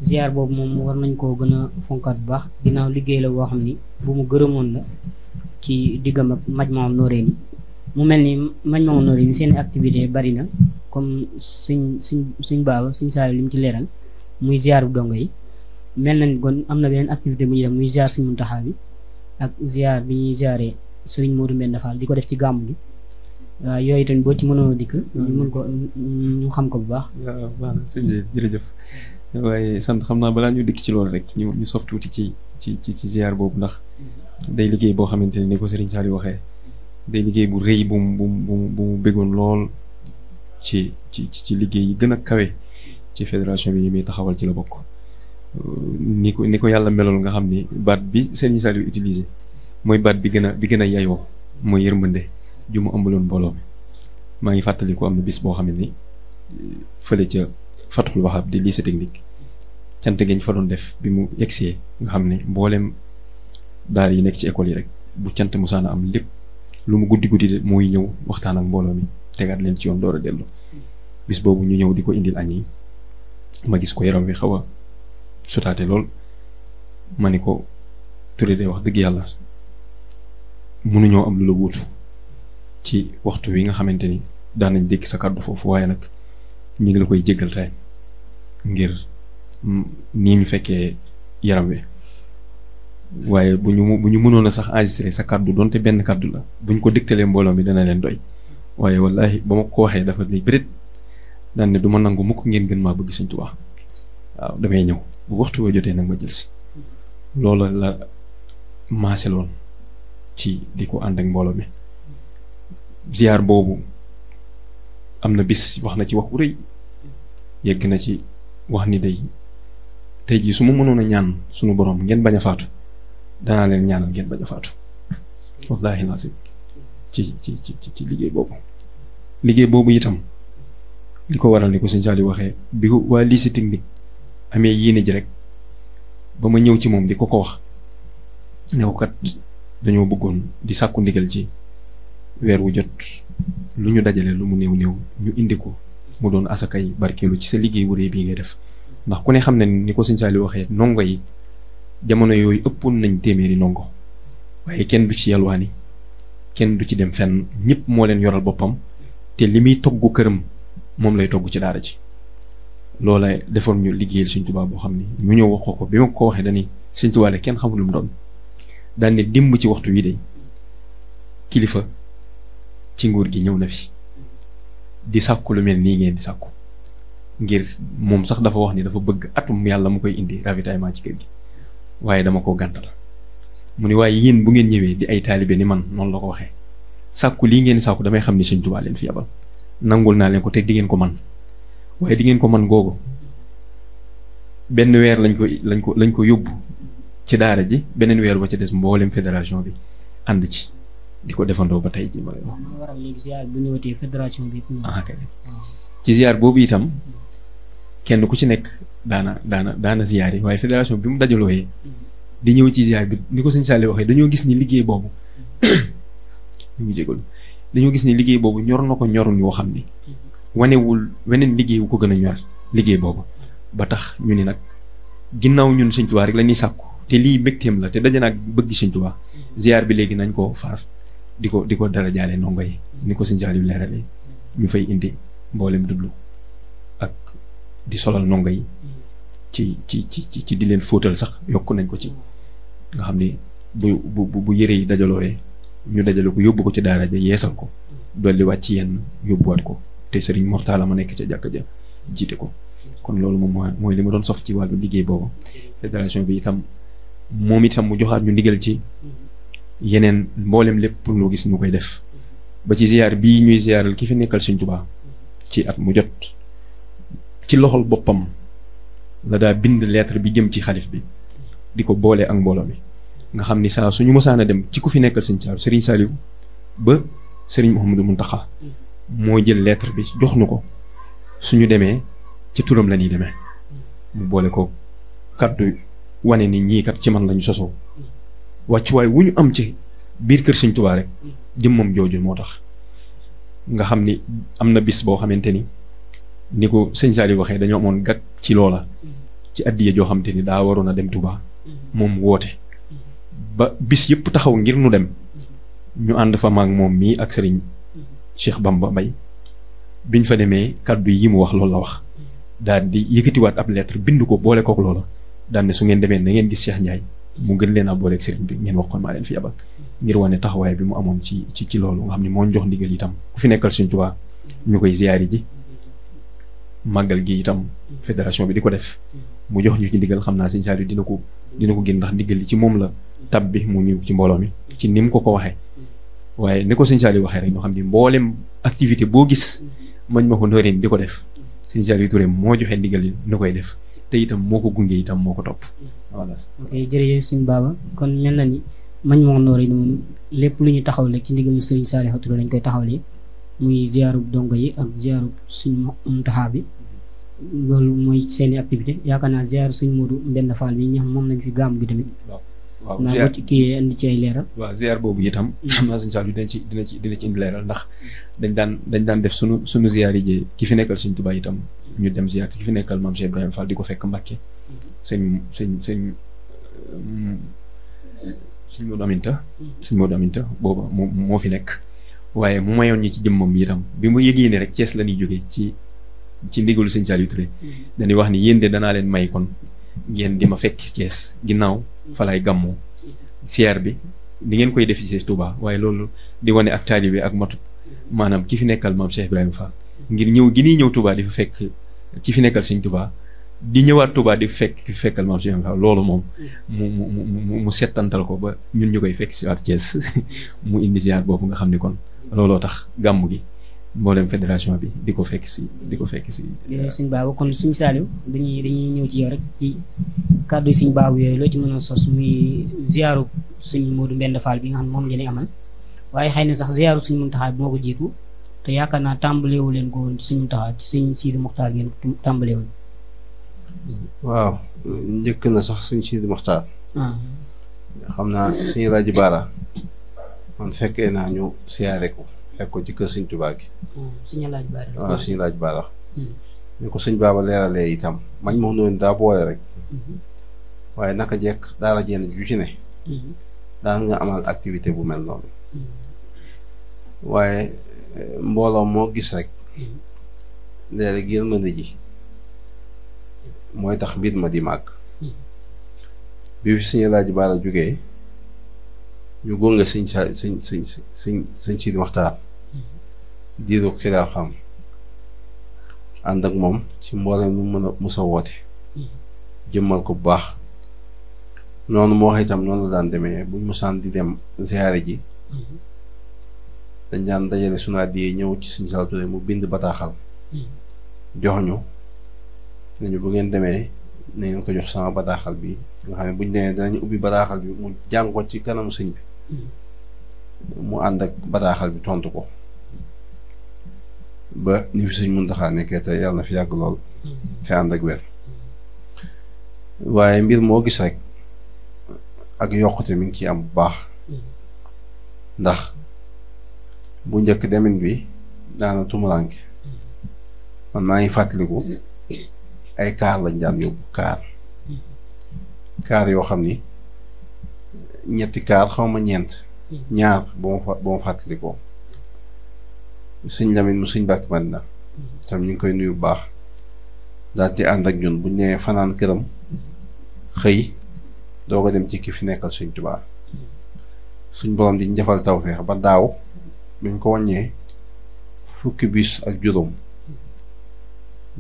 Speaker 2: ziar boobu moom war nañ koo gën a fonkaat bu baax ginnaaw liggéey la boo xam ni bu mu gërëmoon la ci diggam ak Majmahun Nurayni mu mel ni Majmahun Nurayni seen activité bari na comme suñ suñ suñ baaba suñ saa li mu ci leeral muy ziar bu dongo yi mel nañ kon am na beneen activité bu muy ziar suñ muntaxaa bi ak ziar bi ñuy ziaree sëriñ Modou Mbène Fall di ko def ci gàmm gi waaw yooyu tamit boo ci mënoo dikk ñu xam ko bu baax.
Speaker 4: waaw waaye sant xam naa balaa ñu dikk ci loolu rek ñu ñu sof tuuti ci ci ci ci ziar boobu ndax mhm. day liggéey boo xamante ni ko Serigne Saliou waxee mhm. day liggéey bu rëy bu mu bu mu bu mu bëggoon lool ci ci ci liggéey yi gën a kawe ci fédération bi yi muy taxawal ci la bokk. Euh, ni ko ni ko yàlla meloon nga xam ni baat bi Serigne Saliou utilisé mooy baat bi gën a bi gën a yayoo mooy yërmande ju mu ëmbaloon mbooloo maa ngi fàttaliku am na bis boo xam ne fële ca. Fathul Wahab di lycée technique cant gi ñu fa doon def bi mu egsee nga xam ne mbooleem daara yi nekk ci école yi rek bu mu musaana am lépp lu mu guddi guddi de mooy ñëw waxtaan ak mbooloo mi tegaat leen ci yoon door a dellu bis boobu ñu ñëw di ko indil añ yi ma gis ko yaram wi xaw a sutaate lool ma ni ko Touré de wax dëgg yàlla mënuñoo am lu la wuutu ci waxtu wi nga xamante ni daan nañ dégg sa kàddu foofu waaye nag ñu ngi la koy jéggal tey ngir nii ñu fekkee yaram wi waaye bu ñu bu ñu mënoon a sax enregistré sa kàddu donte benn kàddu la bu ñu ko digtalee mbooloo bi dana leen doy waaye wallahi ba ma ko waxee dafa ni bërit daan ne du ma nangu mukk ngeen gën maa bëgg Sëñ Tuubaa waaw damay ñëw bu waxtu wa jotee nag ma jël si loola la maaseloon ci di ko ànd ak mbooloo mi ziar boobu am na bis wax na ci wax bu yegg na ci wax ni day tey jii su ma mënoon a ñaan sunu borom ngeen bañ a faatu danaa leen ñaanal ngeen bañ a faatu wallaahi naasib ci ci ci liggéey boobu. liggéey boobu itam li ko waral ni ko sëñ Saliou waxee bi ko waa lycée technique amee yéene ji rek ba ma ñëw ci moom di ko ko wax ne dañoo bëggoon di sàkku ndigal ci weer wu jot lu ñu dajale lu mu néew néew ñu indi ko. mu doon asakay barkeelu ci sa liggéey bu rëy bii ngay def ndax ku ne xam ne ni ko sëñ Saliou waxee ndongo yi jamono yooyu ëppoon nañ téeméeri ndongo waaye kenn du ci yalwaani kenn du ci dem fenn ñëpp moo leen yoral boppam te li muy togg këram moom lay togg ci daara ji loola defoon ñu liggéeyal sëñ tubaab boo xam ne mu ñëw wax ko bi ma ko waxee dañuy sëñ Tuubaa la kenn xamul lu mu doon daan ne dimb ci waxtu wi de kilifa ci nguur gi ñëw na fi di sàkku lu mel nii ngeen di sàkku ngir moom sax dafa wax ni dafa bëgg atum yàlla mu koy indi ravitaillement ci kër gi waaye dama ko gàntal mu ni waaye yéen bu ngeen ñëwee di ay taalibe ni man noonu la ko waxee sàkku lii ngeen sàkku damay xam ni Sëñ Tuubaa leen fi yabal nangul naa leen ko te di ngeen ko man waaye di ngeen ko man googu benn weer lañ ko lañ ko lañ ko yóbbu ci daara ji beneen weer ba ca des mbooleem fédération bi ànd ci di ko defandoo ba tey jii ma
Speaker 2: lay fédération bi. ah kay
Speaker 4: ci ziar boobu itam kenn ku ci nekk daana daana daana ziar yi waaye fédération bi mu dajaloo yee di ñëw ci ziar bi ni ko sëñ Saliou waxee dañoo gis ni liggéey boobu dañoo gis ni liggéey boobu ñor na ko ñorul yoo xam ni wanewul weneen liggéey wu ko gën a ñor liggéey boobu ba tax ñu ni nag ginnaaw ñun sëñ Tuubaa rek la ñuy sàkku te lii mbégteem la te daje naag bëgg sëñ Tuubaa ziar bi léegi nañ ko faaf di ko di ko dara jaale ndongo yi ni ko sëñ Saliou leerale ñu fay indi mboolem dublu ak di solal ndongo yi ci ci ci ci di leen fóotal sax yokk nañ ko ci nga xam ni bu bu bu yëre yi dajalooyee ñu dajale ko yóbbu ko ci daara ja yeesal ko dolli wàcc ci yenn yóbbuwaat ko te sëriñ Mortala ma nekk ca jàkk ja jiite ko kon loolu moom mooy li ma doon sof ci wàllu liggéey boobu fédération bi itam moom itam mu joxaat ñu ndigal ci yeneen mboolem lépp pour loo gis mu koy def ba ci ziar bii ñuy ziaral ki fi nekkal Sëñ Tuubaa ci at mu jot ci loxol boppam la daa bind lettre bi jëm ci xalif bi di ko boole ak mbooloo mi nga xam ni saa su ñu a dem ci ku fi nekkal Sëñ Saaliw Sëriñ Saaliw ba Sëriñ Mouhamadou Mountakha moo jël lettre bi jox nu ko suñu demee ci turam la ñuy demee mu boole ko kàddu wane ni ñiikat ci man lañu sosoo wàccuwaay wu ñu am ci biir kër Sëñ Tuubaa rek jëmmam jooju moo tax nga xam ni am na bis boo xamante ni ni ko sëñ Saliou waxee dañoo amoon gàtt ci loola ci addiya joo xamante ni daa waroon a dem Touba moom woote ba bis yëpp taxaw ngir nu dem ñu ànd fa maag moom mii ak sëriñ Cheikh Bamba Mbaye biñ fa demee kàddu yi mu wax loolu la wax daal di yëkkatiwaat ab lettre bind ko boole kook loola daal su ngeen demee na ngeen gis Cheikh Ndiaye mu gën leen a booleeg sëriñ bi ngeen wax kon maa leen fi yabal ngir wane taxawaay bi mu amoon ci ci ci loolu nga xam ne moo jox ndigal itam ku fi nekkal Sëriñ Tuubaa ñu koy ziyaari ji màggal gi itam fédération bi di ko def mu jox ñu ci ndigal xam naa Sëriñ dina ko dina ko génn ndax ndigal ci moom la tab bi mu ñëw ci mbooloo mi ci ni mu ko ko waxee waaye ni ko Sëriñ Saaliu waxee rek ñoo xam ne mbooleem activité boo gis mañ ma ko nooreen di ko def Sëriñ Saaliu Touré moo joxe ndigal yi nu koy def te itam moo ko gunge itam moo ko topp mm-hmm.
Speaker 2: voilà. ok jërëjëf suñ Baba kon mel na ni Majmahun Nurayni moom lépp lu ñu taxawle ci ndigalu sëriñ Saliou Touré lañ koy taxawlee muy ziarub dongo yi ak ziarub suñu Muntaxa bi loolu mooy seeni activité yaakaar naa ziar suñ Modou Mbène Fall bi ñu xam moom nañ fi gaam gi tamit. waaw ziar ci kii indi ci ay
Speaker 4: waaw ziar boobu itam. Mm-hmm. xam naa suñu saal bi dina ci dina ci dina leeral ndax dañ daan dañ daan def sunu suñu ziar yi ki fi nekkal suñ Tuubaa itam ñu dem ziar ki fi nekkal maam Cheikh Ibrahima Fall di ko fekk Mbàkke sëñ sëñ sëñ euh, sëñ Modou Aminta mm-hmm. sëñ Modou Aminta booba moo moo fi nekk waaye mu mayoon ñi ci jëmmam itam bi mu yëgee ne rek Cees la ñuy jógee ci ci ndigalu sëñ Saliou Touré mm-hmm. dañuy wax ni yéen de danaa leen may kon ngeen di ma fekk Cees ginnaaw falaay gammo mm-hmm. siyaar bi di ngeen koy def ci Touba waaye loolu di wone ak bi ak matut maanaam ki fi nekkal maam Cheikh Ibrahima Fall ngir ñëw gi ñuy ñëw Touba di fa fekk ki fi nekkal sëñ Tuubaa di ñëwaat Tuubaa di fekk ki fekkal maam Cheikh Ibrahima loolu moom mu mu mu mu settantal ko ba ñun ñu koy fekk si waat Thiès mu indi ziar boobu nga xam ni kon looloo tax gàmm gi mboolem fédération bi di ko fekk si di ko fekk si.
Speaker 2: léegi suñu baabu kon suñu Saaliw dañuy dañuy ñëw ci yow rek ci kàddu suñu baabu yooyu loo ci mën a sos muy ziaru suñu Modou Mbend Fall bi nga xam moom la bi moo ko jiitu. te yaakaar naa tàmbalewu leen ko woon suñu taxaw ci suñ Sidi Mokhtar ngeen tàmbalewu
Speaker 3: waaw njëkk na sax suñ Sidi Mokhtar ah. xam naa suñu rajo baara man fekkee naa ñu siyaare ko fekk ko ci kër suñ Tuubaa gi
Speaker 2: ah, suñu laaj baara laaj baara
Speaker 3: ñu hmm. ko suñ baaba leeralee itam mañ moom noonu daa boole rek hmm. waaye naka jekk daara jenn ju ci ne hmm. daan nga amal activité bu mel noonu waaye mbooloo moo gis rek léeg-léeg yërmande ji mooy tax mbir ma di màgg bi fi suñu laaj baara jógee ñu gunge sëñ sa sëñ sëñ sëñ sëñ ci waxtaan diiru xilaafam ànd ak moom ci mbooleem lu mën a musa woote jëmmal ko bu baax noonu moo wax tam noonu la daan demee buñ musaan di dem ziyaare ji dañ daan dajale sunu àddiyee ñëw ci suñu Sall mu bind bataaxal. jox ñu nañu bu ngeen demee na ngeen ko jox sama bataaxal bi nga xam ne buñ demee danañ ubbi bataaxal bi mu jàng ko ci kanamu sëñ bi. mu ànd ak bataaxal bi tontu ko. ba ni fi sëñ Muntaxa nekkee te yàlla na fi yàgg lool. te ànd ak wér. waaye mbir moo gis rek ak yokkute mi ngi ci am bu baax. ndax. bu njëkk demin bi daana tumuranke man maa ngi fàttaliku ay kaar lañ daan yóbbu kaar kaar yoo xam ni ñetti kaar xaw ma ñeent ñaar ba ma ba ma fàttalikoo suñ lamin mu suñ bàkk man na tam ñu ngi koy nuyu bu baax daal di ànd ak ñun buñ nee fanaan këram xëy doo ko dem ci ki fi nekkal suñ tubaa suñ borom di njëfal tawfeex ba daaw biñ ko wàññee fukki bis ak juróom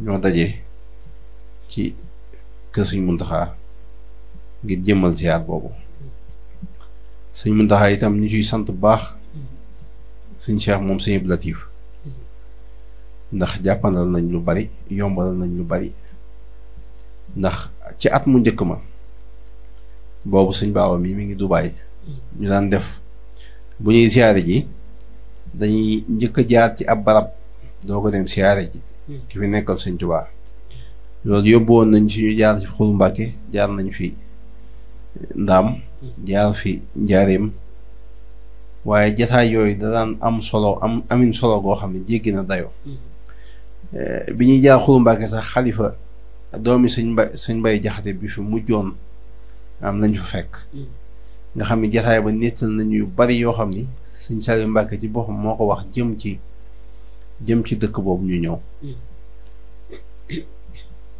Speaker 3: ñoo daje ci kër suñ muntaxaa ngir jëmmal ziar boobu sëñ Muntaxa itam ni ciy sant bu baax suñ Cheikh moom sëñ Abdou Latif ndax jàppandal nañ lu bari yombalal nañ lu bari ndax ci at mu njëkk ma boobu sëñ baawam yi mi ngi Dubaay ñu daan def bu ñuy ziare ji dañuy njëkk a jaar ci ab barab doo ko dem siyaare ji hmm. ki fi nekkoon sëñ Tuubaa loolu yóbbu woon nañ ci ñu jaar ci Xuru jaar nañ fi ndaam hmm. jaar fi njaareem waaye jataay yooyu da daan am solo am amin solo goo xam ne jéggi na dayo hmm. eh, bi ñuy jaar Xuru sax xalifa doomi sëñ mbay sëñ jaxate bi fi mujjoon am nañ fa fekk nga xam ne jataay ba nettal nañu yu bari yoo xam ni suñ Saliou Mbacke ci boppam moo ko wax jëm ci jëm ci dëkk boobu ñu ñëw.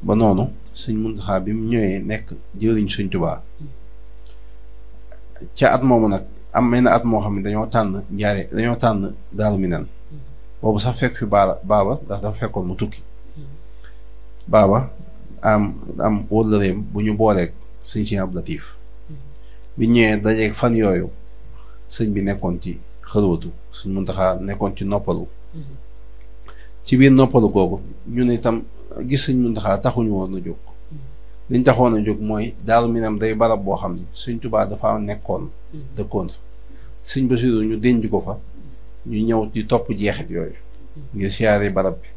Speaker 3: ba noonu sëñ Mountakha bi mu ñëwee nekk jëriñ sëñ Tuubaa ca at moomu nag am na at moo xam ne dañoo tànn njaare dañoo tànn Daaru Minam boobu sax fekk fi baaba ndax dafa fekkoon mu tukki baaba am am wóllëreem bu ñu booleek sëñ si Abdou Latif bi ñëwee dajeeg fan yooyu sëñ bi nekkoon ci xërwatu sëñ Muntaxa nekkoon ci noppalu mhm. ci biir noppalu kooku ñu ne itam gis suñ sëñ Muntaxa taxuñu woon a jóg mhm. liñ taxoon a jóg mooy Daaru Minam day barab boo xam ne suñ Tuubaa dafa nekkoon mhm. dëkkoon fa sëñ Basiiru ñu denc ko fa ñu ñëw di topp jeexit yooyu ngir siyaare barab bi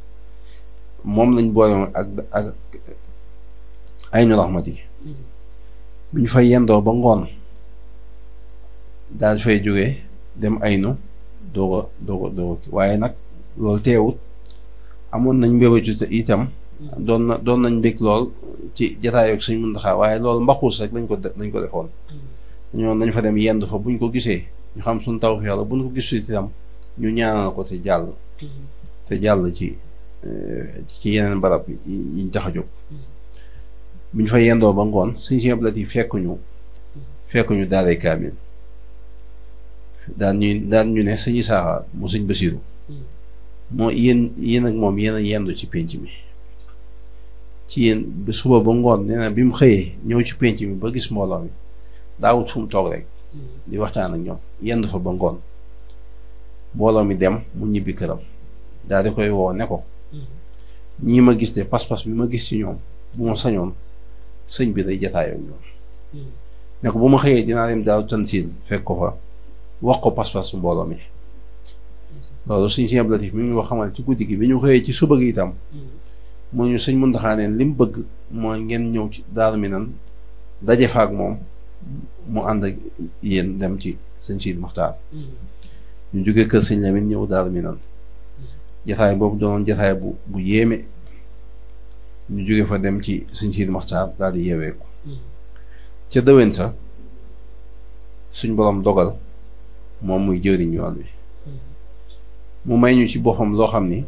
Speaker 3: moom lañ boolem ak ak ay nu raxmat yi bu fa yendoo ba ngoon daal di fay jógee dem aynu doog a doog a doog a waaye nag loolu teewut amoon nañ mbébétu itam doon na doon nañ mbég lool ci jataayoo suñ Sëriñ Muntaxa waaye loolu mbaxuus rek lañ ko lañ ko defoon mm. ñoon nañ fa dem yendu fa buñ ko gisee ñu xam suñ taw yàlla buñ ko gisul itam ñu ñaanal ko te jàll mm. ci eh, ci yeneen barab yi mm. fa yendoo ba ngoon suñ sieblat yi fekkuñu fekkuñu daaree kaamil daan ñuy ñu ne sëñu saaxaar mu sëñ Basiru hmm. moo yéen ak moom yéen a yendu ci pénc mi ci yéen ba suba ba ngoon nee na bi mu xëyee ñëw ci pénc mi ba gis mbooloo mi daawut fu mu toog rek hmm. di waxtaan ak ñoom yendu fa ba ngoon mbooloo mi dem mu ñibbi këram daal di koy woo ne ko
Speaker 5: hmm.
Speaker 3: ñii ma gis de pas-pas bi ma gis ci ñoom bu ma sañoon sëñ bi day jataayoo ñoom ne ko bu ma xëyee dinaa dem daal tansiil fekk ko fa wax ko pas-pas mbooloo mi loolu suñ si ablatif mi ñu wax xamal ci guddi gi bi ñu xëyee ci suba gi itam mu ñu sëñ Muntaxa neen li mu bëgg mooy ngeen ñëw ci Daaru Minam daje fa moom mu ànd ak yéen dem ci sëñ Siid Muxtaar
Speaker 5: mm-hmm.
Speaker 3: ñu jógee kër sëñ Lamin ñëw Daaru Minam mm-hmm. jataay boobu doonoon jataay bu yéeme ñu jóge fa dem ci suñ Siid Muxtaar daal di yeeweeku
Speaker 5: mm-hmm.
Speaker 3: ca dëwén sa suñ borom dogal moom muy jëriñ yoon wi mu may ñu ci boppam loo xam ni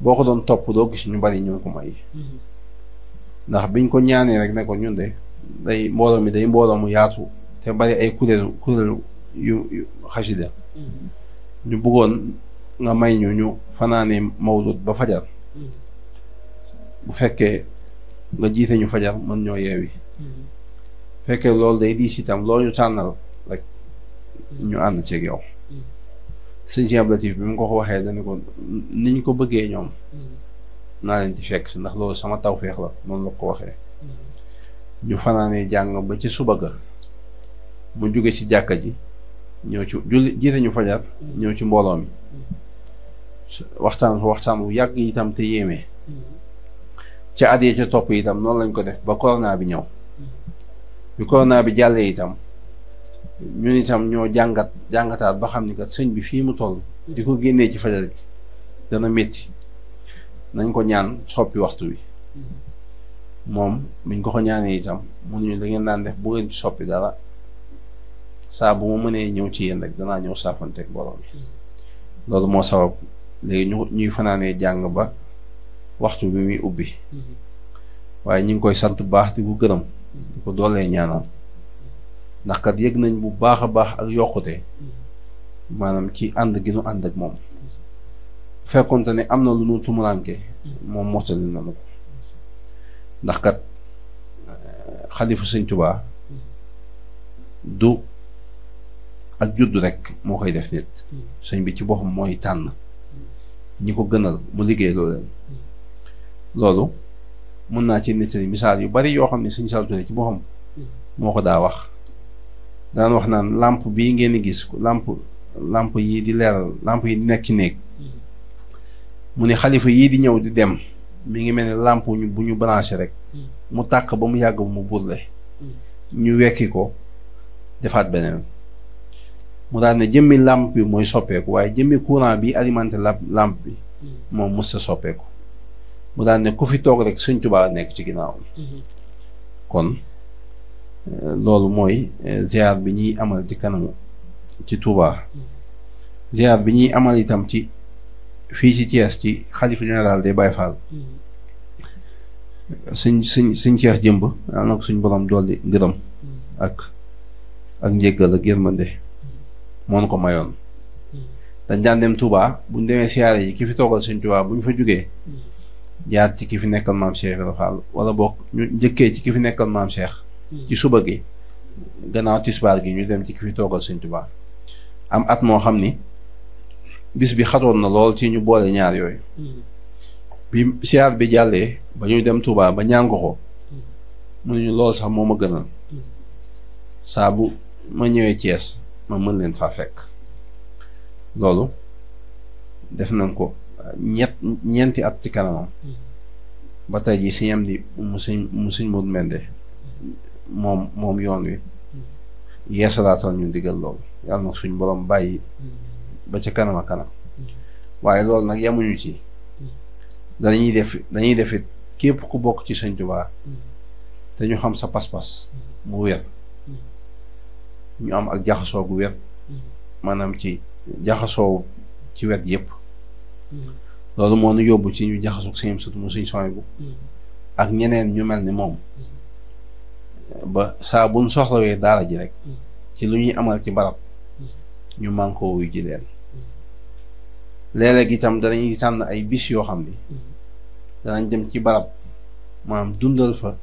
Speaker 3: boo ko doon topp doo gis ñu bari ñu ko may ndax biñ ko ñaanee rek ne ñun de day mbooloo mi day mbooloo mu yaatu te bari ay kuréelu kuréelu yu xasida ñu bëggoon nga may ñu ñu fanaane mawlud ba fajar bu fekkee nga jiite ñu fajar mën ñoo yeewi mm-hmm. fekkee loolu day diis itam loo ñu tànnal rek ñu ànd ceeg yow sëñ si ablatif bi mu ko waxee dañu ko niñ ko bëggee ñoom naa leen ci fekk si ndax loolu sama tawféex la noonu la ko waxee ñu fanaanee jàng ba ci suba ga mu jóge ci jàkka ji ñëw ci jiite ñu fajar ñëw ci mbooloo mi waxtaan waxtaan bu yàgg itam te yéeme ca at ya ca topp itam noonu lañ ko def ba corona bi ñëw bi corona bi jàllee itam ñun itam ñoo jàngat jàngataat ba xam ni ka sëñ bi fii mu toll di ko génnee ci fajar gi dana metti nañ ko ñaan soppi waxtu wi moom buñ ko ko ñaanee itam mu ñu da ngeen naan def bu ngeen ci soppi dara saa bu mu mënee ñëw ci yéen rek danaa ñëw saafanteeg borom bi loolu moo sabab léegi ñu ñuy fanaanee jàng ba waxtu bi muy ubbi mm-hmm. waaye ñu ngi koy sant baax di ko gërëm di ko doolee ñaanal ndax kat yëg nañ bu baax a baax ak yokkute mm-hmm. maanaam ci ànd gi nu ànd ak moom fekkoonte ne am na lu nu tumuraanke mm-hmm. moom mottali na nu ko ndax kat eh, xalifa sëñ Tuubaa mm-hmm. du ak judd rek moo koy def nit sëñ bi ci boppam mooy tànn ñi ko gënal mu liggéey loolu loolu mën naa ci nettali misaal yu bari yoo xam ne sëñ Saliou Touré ci boppam moo ko daa wax daan wax naan làmp bii ngeen di gis làmp làmp yii di leeral làmp yi di nekk ci néeg mm-hmm. mu ne xalifa yii di ñëw di dem mi ngi mel ni làmp bu ñu branché rek mm-hmm. mu tàkk ba mu yàgg mu burle mm-hmm. ñu wekki ko defaat beneen mu daan ne jëmmi làmp bi mooy soppeeku waaye jëmmi courant bi alimenté làmp bi moom mës sa soppeeku mu daan ne ku fi toog rek Sëñ Tuubaa nekk ci ginnaaw kon loolu mooy eh, ziar bi ñuy amal ci kanamu ci Touba ziar bi ñuy amal itam ci fii ci Thiès ci xalifa général des Baye Fall suñ suñ suñ Cheikh jëmb daal na suñ borom dolli ngërëm ak ak njéggal ak yërmande moo ko mayoon dañ daan dem Touba buñ demee siyaare yi ki fi toogal suñ Touba bu ñu fa jógee jaar ci ki fi nekkal maam Cheikh Ibra Fall wala bokk ñu njëkkee ci ki fi nekkal maam Cheikh ci suba gi gannaaw tisbaar gi ñu dem ci ki fi toogal Sëñ Tuubaa am at moo xam ni bis bi xatoon na lool ci ñu boole ñaar yooyu bi siyaar bi jàllee ba ñuy dem Tuubaa ba ñàngoxoo mu ne ñu lool sax moo ma gënal saa bu ma ñëwee Thiès ma mën leen faa fekk loolu def nañ ko ñett at ci kanamam ba tey jii si yem di mu sëñ mu sëñ Modou Mende moom moom yoon wi laa yeesalaatal ñu digal loolu yàlla nag suñ borom bàyyi ba ca kanam a waaye loolu nag yemuñu ci dañuy def dañuy defit képp ku bokk ci sëñ Tuubaa te ñu xam sa pas-pas mu wér ñu am ak jaxasoo ku wér maanaam ci jaxasoo ci wet yëpp loolu moo nu yóbbu ci ñu jaxasoo sëñ sut mu suñ sooy bu ak ñeneen ñu mel ni moom ba saa bu buñ soxlawee daara ji rek hmm. ci lu ñuy amal ci barab hmm. ñu mànkoo wuy leen hmm. léeg itam danañuy sànn ay bis yoo xam ni danañ dem ci barab maanaam dundal fa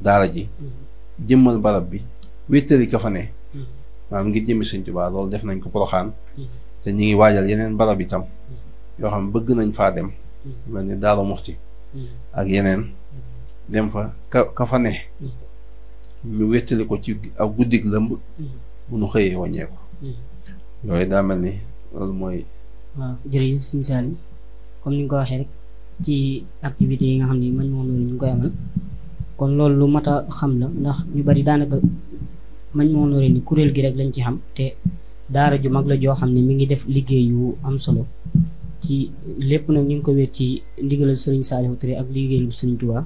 Speaker 3: daara ji jëmmal barab bi wéttali ka fa ne maanaam ngir jëmmi suñ Tuubaa loolu def nañ ko Poroxaan te ñu ngi waajal yeneen barab itam yoo xam bëgg nañ faa dem mel ni Daaru Muxti ak yeneen dem fa ka ka fa ne ñu wéttali ko ci ak guddig lëmb bu nu xëyee wàññeeku mm-hmm. yooyu daa mel ni loolu
Speaker 2: mooy waaw jërëjëf sëñ Saliou comme ni nga ko waxee rek ci activités yi nga xam ne man moom loolu ñu ngi koy amal kon loolu lu mat a xam la ndax ñu bari daanaka mañ moo nooré ni kuréel gi rek lañ ci xam te daara ju mag la joo xam ne mi ngi def liggéey yu am solo ci lépp nag ñu ngi ko wéet ci ndigalal sëriñ Saliou Touré ak liggéey lu sëriñ Touba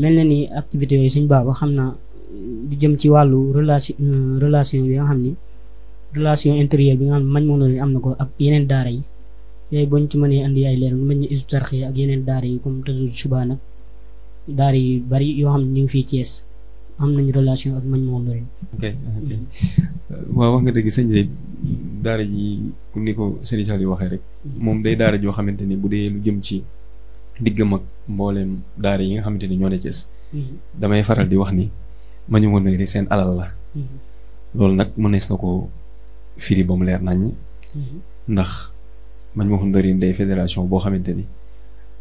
Speaker 2: mel na ni activités yooyu suñ baaba xam naa lu jëm ci wàllu relation euh, relation bi nga xam ni relation intérieure bi nga xam ne mañ moom am na ko ak yeneen daara yi yooyu boo ñu ci mënee indi ay leer mën ñu isu tarxee ak yeneen daara yi comme tëdd subaa nag daara bari yoo xam ne ñu ngi fii Thiès am nañu relation ak mañ moom la
Speaker 4: ok nga dëgg sëñ bi daara ji ni ko sëñ Sall waxee rek moom day daara joo xamante ni bu dee lu jëm ci diggam ak mbooleem daara yi nga xamante ni ñoo ne Thiès hmm. damay faral di wax ni. ma ñëwoon nag seen alal la mm-hmm. loolu nag mënees na ko firi ba mu leer naññ mm-hmm. ndax man ma xundarin day fédération boo xamante ni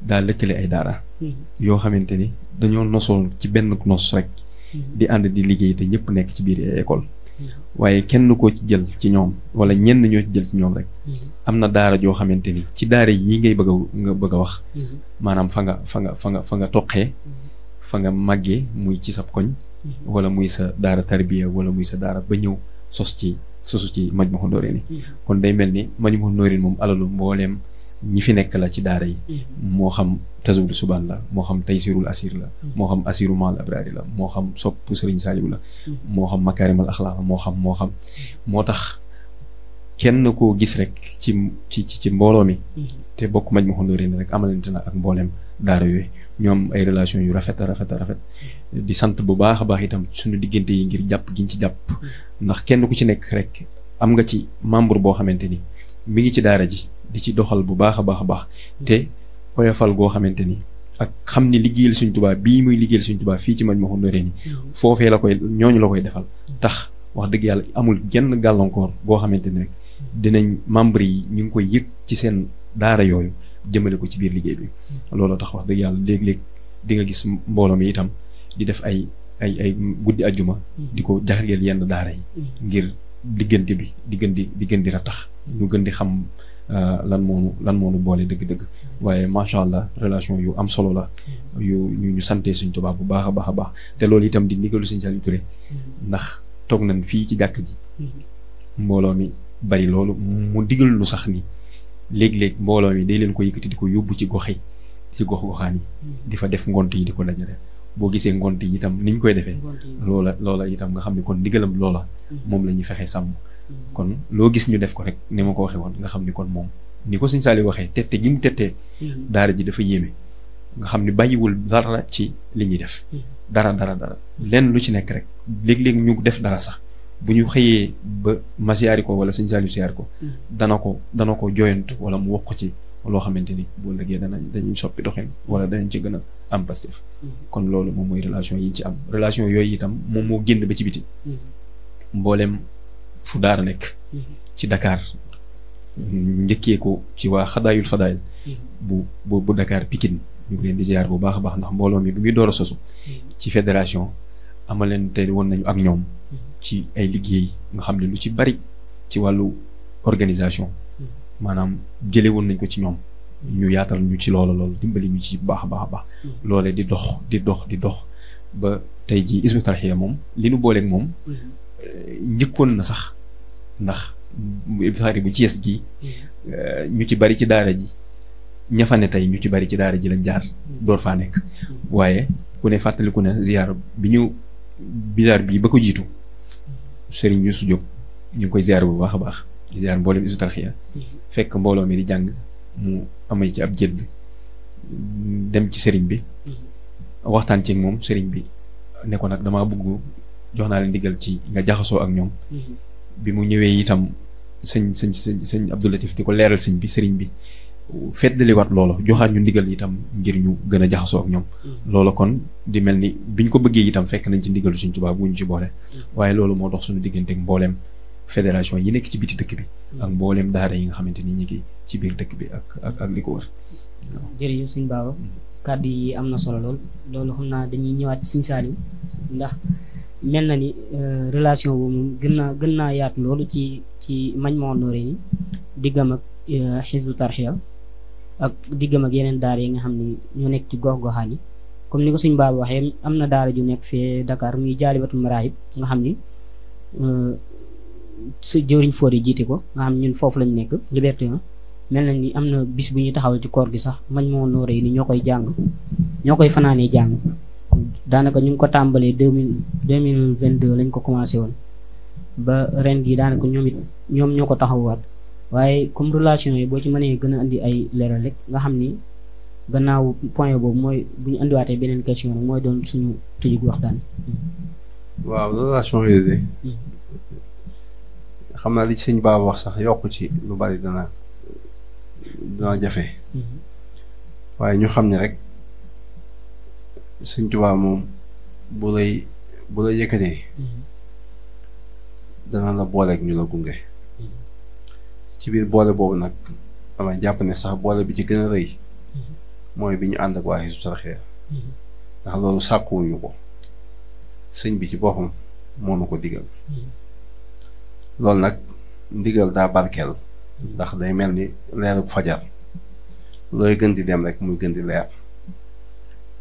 Speaker 4: daa lëkkale ay daara mm-hmm. yoo xamante ni dañoo nosoon ci benn nos rek di ànd di liggéey te ñëpp nekk ci biir ay école waaye kenn koo ci jël ci ñoom wala ñenn ñoo ci jël ci ñoom rek am na daara joo xamante ni ci daara yii ngay bëgg nga bëgg a wax maanaam fa nga fa nga fa nga fa nga toqee fa nga màggee muy ci sab koñ wala muy sa daara tarbiya wala muy sa daara ba ñëw sos ci sosu ci Majmahun Nurayni mhm. kon day mel ni Majmahun Nurayni moom alalu mbooleem ñi fi nekk la ci daara yi mhm. moo xam tasawul subaan la moo xam taysirul asir mhm. la moo xam asiru maal abrari la moo xam sopp sëriñ saalibu la moo xam makaarimal axlaaq la moo xam moo xam moo tax kenn ko gis rek ci ci ci mbooloo mi te bokk Majmahun Nurayni rek amalante na ak mbooleem daara yooyu ñoom ay relation yu rafet a rafet a rafet di sant bu baax a baax itam suñu diggante yi ngir jàpp giñ ci jàpp ndax kenn ku ci nekk rek am nga ci membre boo xamante ni mu ngi ci daara ji di ci doxal bu baax a baax a baax te oyofal goo xamante ni ak xam ni liggéeyal suñ tubaa bii muy liggéeyal suñ tubaa fii ci mañ ma xundoree ni mm-hmm. foofee la koy ñooñu la koy defal mm-hmm. tax wax dëgg yàlla amul genn gàllankoor goo xamante ni rek mm-hmm. dinañ membre yi ñu ngi koy yëg ci seen daara yooyu jëmale ko ci biir liggéey bi loolu mbooloo mi itam di def ay ay ay guddi ajjuma mm-hmm. di ko jaxareel yenn daara yi mm-hmm. ngir diggante bi di gën di di gën di ratax mm-hmm. ñu gën di xam euh, lan moonu lan moonu boole dëgg-dëgg waaye macha allah relation yu am solo la yu ñu santee suñ tubaab bu baax a baax a baax te loolu itam di ndigalu suñ Saliou Touré ndax toog nañ fii ci jàkk ji mbooloo mi bari loolu mu digal lu sax ni léeg-léeg mbooloo mi day leen ko yëkkati di ko yóbbu ci gox yi ci gox goxaan di fa def ngont yi di ko dajale boo gisee ngont yi itam ni ñu koy defee loola loola itam nga xam ne kon ndigalam loola mm-hmm. moom la ñuy fexee sàmm mm-hmm. kon loo gis ñu def ko rek ni ma ko waxee woon nga xam ni kon moom ni ko sëñ Saali waxee tette gi mu tettee mm-hmm. daara ji dafa yéeme nga xam ni bàyyiwul dara ci li ñuy def dara dara dara lenn lu ci nekk rek léeg ñu def dara sax bu ñu xëyee ba ma ko wala sëñ Saali siyaar ko dana ko dana ko joyant wala mu wax ko ci loo xamante ni boo lëggee dana dañuy soppi doxin wala danañ ci gën a am Pastef kon loolu moom mooy relation yi ci am relation yooyu itam moom moo génn ba ci biti mboolem fu daara nekk ci dakaar njëkkee ko ci waa xadaayul fadaayil bu bu bu Dakar Pikine ñu bu baax a baax ndax mbooloom mi bi muy door a sosu ci fédération amalante woon nañu ak ñoom ci ay liggéey nga xam ne lu ci bari ci wàllu organisation maanaam jële woon nañ ko ci ñoom ñu yaatal ñu ci loolu loolu dimbali ñu ci baax a baax baax. Mm-hmm. loolee di dox di dox di dox ba tey jii Hizbut moom li nu booleeg moom. Mm-hmm. Eh, njëkkoon na sax ndax saxari bu Cees gi mm-hmm. eh, ñu ci bari ci daara ji ña tey ñu ci bari ci daara ji jaar door faa nekk waaye ku ne fàttaliku ne ziyaar bi ñu bidaar bii ba ko jiitu Serigne Youssou Diop ñu ngi koy ziyaar bu baax a baax ziyaar mboolem Hizbut fekk mbooloo mi di jàng mu amee ci ab jël dem ci sëriñ bi waxtaan ci moom sëriñ bi ne ko nag damaa bëgg jox naa leen ndigal ci nga jaxasoo ak ñoom bi mu ñëwee itam sëñ sëñ sëñ sëñ Abdoulatif di ko leeral sëñ bi sëriñ bi feddaliwaat loolu joxaat ñu ndigal itam ngir ñu gën a jaxasoo ak ñoom loolu kon di mel ni biñ ko bëggee itam fekk nañ ci ndigalu suñ tubaab bu ñu ci boole waaye loolu moo dox suñu diggante ak mbooleem fédération yi nekk ci biti dëkk bi ak mbooleem daara yi nga xamante ni ñi ci biir dëkk bi ak ak ak li ko wër.
Speaker 2: jërëjëf sëñ Baba mm-hmm. kàddu yi am na solo lool loolu xam naa dañuy ñëwaat ci sëñ Saliou ndax mel na ni euh, relation boobu gën naa gën naa yaatu loolu ci ci Majmahun Nurayni diggam ak euh, Hizbut Tarqiyyah ak diggam ak yeneen daara yi nga xam ne ñoo nekk ci gox-goxaan yi comme ni ko sëñ Baba waxee am na daara ju nekk fee Dakar muy Jaalibatul Maraahib nga xam ni. Euh, su jëwriñ foor yi jiite ko nga xam ñun foofu lañu nekk liberté mel na ni am na bis bu ñuy taxawal ci koor gi sax mañ moo nooree ni ñoo koy jàng ñoo koy fanaanee jàng daanaka ñu ngi ko tàmbalee deux mille deux mille vingt deux lañ ko commencé woon ba ren gi daanaka ñoom it ñoom ñoo ko taxawaat waaye comme relation yi boo ci mënee gën a andi ay leeral nga xam ni gannaaw point boobu mooy bu ñu andiwaatee beneen question rek mooy doon suñu tëjug waxtaan.
Speaker 3: waaw relation yi de hmm. xam naa li sëñ Ba wax sax yokk ci lu bari dana. daa jafe waaye ñu xam ni rek Sëñ Tuubaa moom bu lay bu la yëkkatee dana la booleeg ñu la gunge ci biir boole boobu nag damay jàpp ne sax boole bi ci gën a rëy mooy bi ñu ànd ak waa Hizbut Tarqiyyah ndax loolu sàkkuwuñu ko sëñ bi ci boppam moo nu ko digal loolu nag ndigal daa barkeel ndax day mel ni leerug fajar looy gën di dem rek muy gën di leer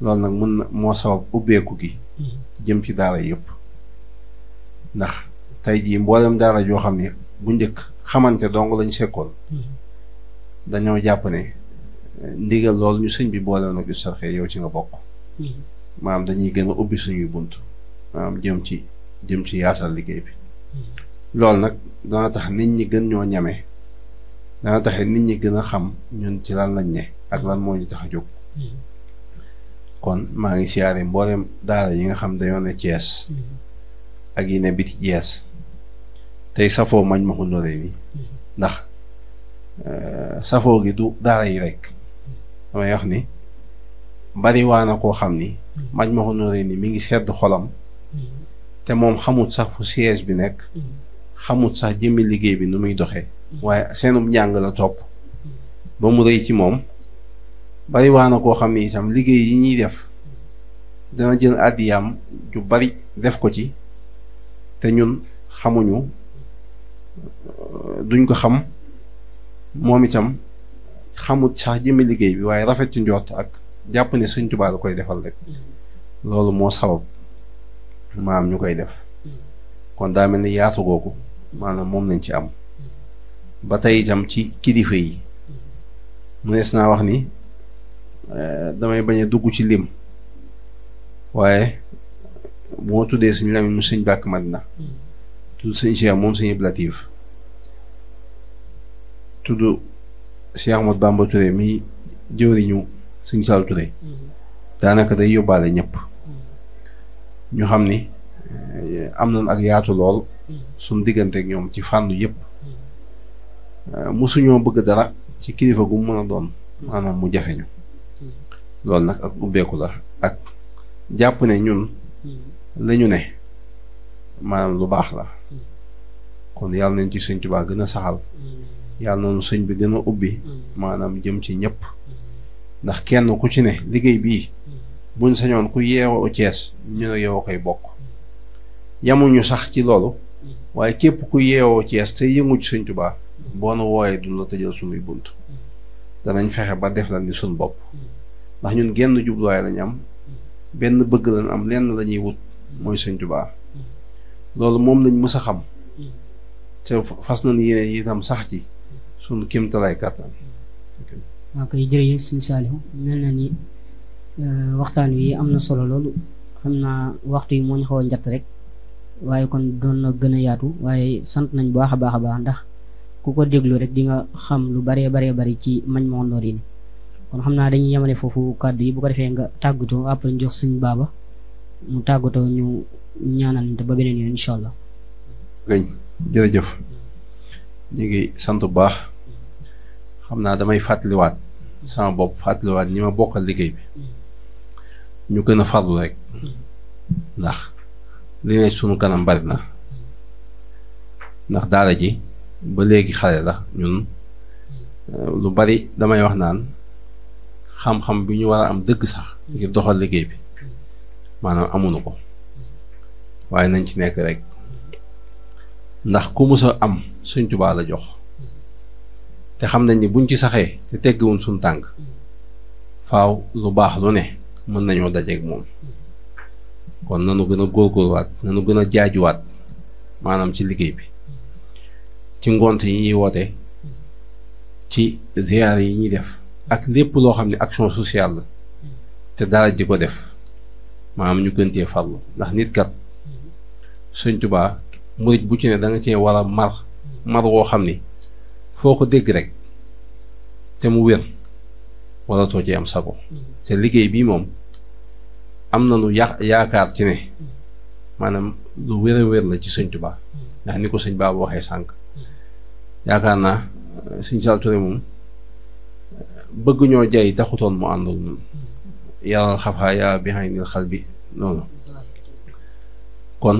Speaker 3: loolu nag mën na moo sabab ubbeeku gi jëm ci daara yëpp ndax tey jii mboolem daara joo xam ni bu njëkk xamante dong lañu sekkoon dañoo jàpp ne ndigal loolu ñu sëñ bi boolem nag yow ci nga bokk maanaam dañuy gën a ubbi suñuy bunt maanaam jëm ci jëm ci yaatal liggéey bi hmm. loolu nag dana tax nit ñi gën ñoo ñame dana taxe nit ñi gën a xam ñun ci lan lañ ne ak lan moo ñu tax a jóg kon maa ngi siyaare mboolem daara yi nga xam dañoo ne Cees ak yi ne biti Cees tey safoo mañ ma xullooree ni ndax euh, safoo gi du daara yi rek damay wax ni bari na koo xam ni mañ ma xullooree ni mi ngi sedd xolam te moom xamut sax fu siège bi nekk xamut sax jëmmi liggéey bi nu muy doxee waaye seenu njàng la topp ba mu rëy ci moom bariwaana koo xam ne itam liggéey yi ñuy def dana jël àddiyaam ju bari def ko ci te ñun xamuñu euh, duñ ko xam moom itam xamut sax jëmmi liggéey bi waaye rafet ci njort ak jàpp ne Sëñ Tuubaa koy defal rek loolu moo sabab maam ñu koy def mm. kon daa mel ni yaatu googu maanaam moom lañ ci am ba tey itam ci kilifa yi mënees naa wax ni eh, damay bañ a dugg ci lim waaye moo tuddee suñu Lamin mu sëñ Bàkk Madina tudd sëñ Cheikh moom sëñ blative tudd Cheikh Ahmad Bamba Touré mi jëwriñu sëñ Sall Touré daanaka day yóbbaale ñëpp ñu xam ni eh, am nañ ak yaatu lool mm-hmm. suñ digganteek ñoom ci fànn yëpp Euh, mosuñoo bëgg dara ci kilifa gu mu mën a doon maanaam mu jafe hmm. loolu nag ak ubbeeku la ak jàpp ne ñun hmm. lañu ne maanaam lu baax la hmm. kon yàlla nañ ci sëñ gën a saxal yàlla nañu sëñ bi gën a ubbi maanaam jëm ci ñëpp ndax kenn ku ci ne liggéey bii buñ sañoon ku yeewoo Cees ñu ne yow koy bokk yamuñu sax ci loolu waaye képp ku yeewoo Cees te yëngu ci sëñ Tuubaa boo nu wooyee du la tëjal sunuy bunt danañ fexe ba def la ni suñ bopp ndax ñun genn jubluwaay lañu am benn bëgg lañu am lenn lañuy ñuy wut mooy Sëñ Tuubaa loolu moom lañ mës a xam te fas nañ yéene itam sax ci suñu kéemtalaay kàttan
Speaker 2: waaw koy jërëjëf Sëñ Saalihu mel na ni euh, waxtaan wi am na solo loolu xam naa waxtu yi moo ñu xaw a njatt rek waaye kon doon na gën a yaatu waaye sant nañ baax a baax a baax ndax ku ko déglu rek di nga xam lu baree baree bari ci Majmahun Nurayni kon xam naa dañuy yemale foofu kàddu yi bu ko defee nga tàggatoo après jox suñu baaba mu tàggatoo ñu ñaanalante ba beneen yoon
Speaker 3: jërëjëf ñu sant bu baax xam naa damay fàttaliwaat sama bopp fàttaliwaat ñi ma bokka liggéey bi ñu gën a farlu rek ndax li ne sunu kanam bari na ndax daara ji. ba léegi xale la ñun euh, lu bari damay wax naan xam-xam bi ñu war a am dëgg sax ngir doxal liggéey bi maanaam amuñu ko waaye nañ ci nekk rek ndax ku mës am suñ tubaa la jox te xam nañ ni buñ ci saxee te teggiwuñ suñ tànk faw lu baax lu ne mën nañoo dajeeg moom kon nanu gën a góorgóorwaat nanu gën a jaajuwaat maanaam ci liggéey bi ci ngont yi ñuy woote ci ziyaar yi ñuy def ak lépp loo xam ne action sociale la te dara di ko def maanaam ñu gëntee farlu ndax nit kat Sëñ Tuubaa bu ci ne da nga cee war a mar mar woo xam ni foo ko dégg rek te mu wér waratoo ci am sago te liggéey bii moom am na lu ya yaakaar ci ne maanaam lu wér a wér la ci sëñtubaa Tuubaa ndax ni ko sëñ Ba waxee sànq yaakaar naa suñ Sall moom bëgg ñoo jay taxutoon mu àndul noonu yàlla xafaa yaa behind xal bi noonu kon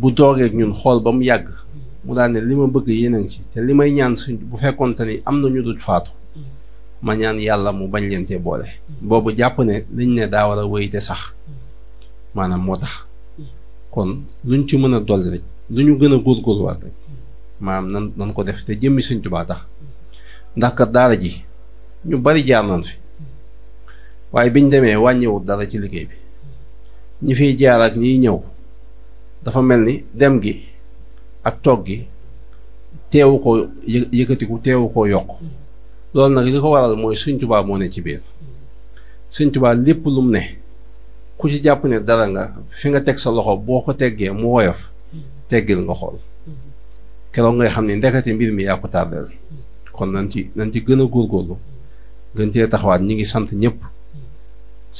Speaker 3: bu doogeek ñun xool ba mu yàgg mu daal li ma bëgg yeneen ci te li may ñaan suñ bu fekkoonte ni am na ñu dul faatu ma ñaan yàlla mu bañ leen cee boole boobu jàpp ne liñ ne daa war a wéy te sax maanaam moo tax kon luñ ci mën a dolli rek lu ñu gën a góorgóorluwaat rek maanaam nan nan ko def te jëmmi sëñ Tuubaa tax ndax kat daara ji ñu bari jaar nañ fi waaye biñ demee wàññiwut dara ci liggéey bi ñi fiy jaar ak ñiy ñëw dafa mel ni dem gi ak toog gi teewu ko yëkkatiku teewu ko yokk loolu nag li ko waral mooy Sëñ Tuubaa moo ne ci biir Sëñ Tuubaa lépp lu ne ku ci jàpp ne dara nga fi nga teg sa loxo boo ko teggee mu woyof teggil nga xool keroog ngay xam ne ndekete mbir mi yaa ko tardeel kon nañ ci nañ ci gën a góorgóorlu gën cee taxawaat ñi ngi sant ñëpp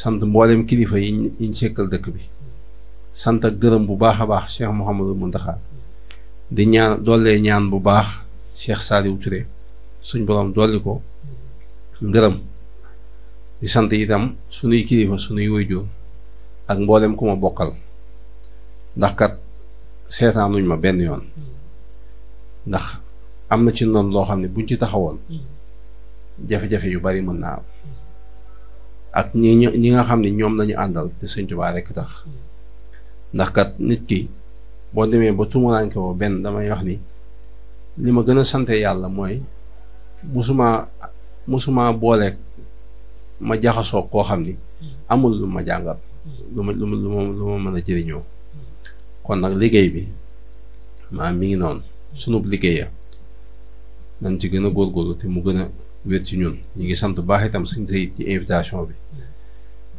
Speaker 3: sant mboolem kilifa yi ñu sekkal dëkk bi sant ak gërëm bu baax a baax Cheikh Mouhamadou Mountakha di ñaan doollee ñaan bu baax Cheikh Saliou Touré suñ borom dolli ko ngërëm di sant itam sunuy kilifa sunuy waajur ak mbooleem ku ma bokkal ndax kat seetaanuñ ma benn yoon ndax am na ci noonu loo xam ne buñ ci taxawoon hmm. jafe-jafe yu bari mën naa am ak ñi ñi nga xam ne ñoom lañu àndal te Sëñ Tuubaa rekk tax hmm. ndax kat nit ki boo demee ba tumuraanke woo benn damay wax ni li ma gën a sante yàlla mooy musuma musuma booleek ma jaxasoo koo xam ni hmm. amul lu ma jàngal lu ma lu ma lu ma mën a jëriñoo kon nag liggéey bi maam mi ngi noonu sunub liggéeya nañ ci gën a góor góorgóorlu te mu gën a wér ci ñun ñu ngi sant bu baax itam suñ sayit ci invitation bi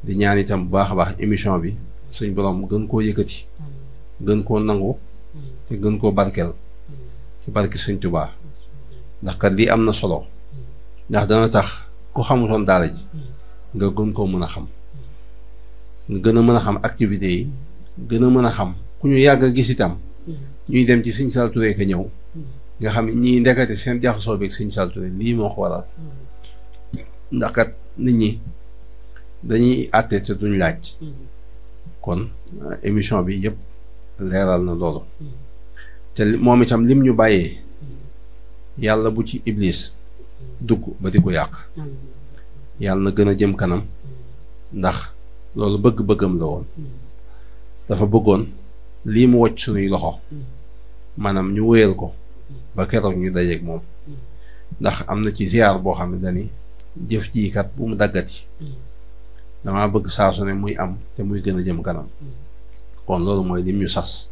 Speaker 3: di ñaan itam bu baax a baax émission bi suñ borom gën koo yëkkati gën koo nangu te gën koo barkeel ci barki suñ Tuubaa ndax kat lii am na solo ndax dana tax ku xamutoon daara ji nga gën koo mën a xam nga gën a mën a xam activité yi gën a mën a xam ku ñu yàgg a gis itam ñuy dem ci sëñ Sall Touré ñëw nga xam ne ñii ndekete seen jaxasoo beeg sëñ Sall Touré lii moo ko waral ndax kat nit ñi dañuy àtte te duñ laaj kon émission bi yëpp leeral na loolu te moom itam lim ñu bàyyee yàlla bu ci iblis dugg ba di ko yàq yàlla na gën a jëm kanam ndax loolu bëgg-bëggam la woon dafa bëggoon lii mu wocc sunuy loxo maanaam ñu wéyal ko ba keroog ñu dajeeg moom ndax am na ci ziar boo xam ne dani jëf jiikat bu mu daggati damaa bëgg saa su ne muy am te muy gën a jëm kanam kon loolu mooy lim ñu sas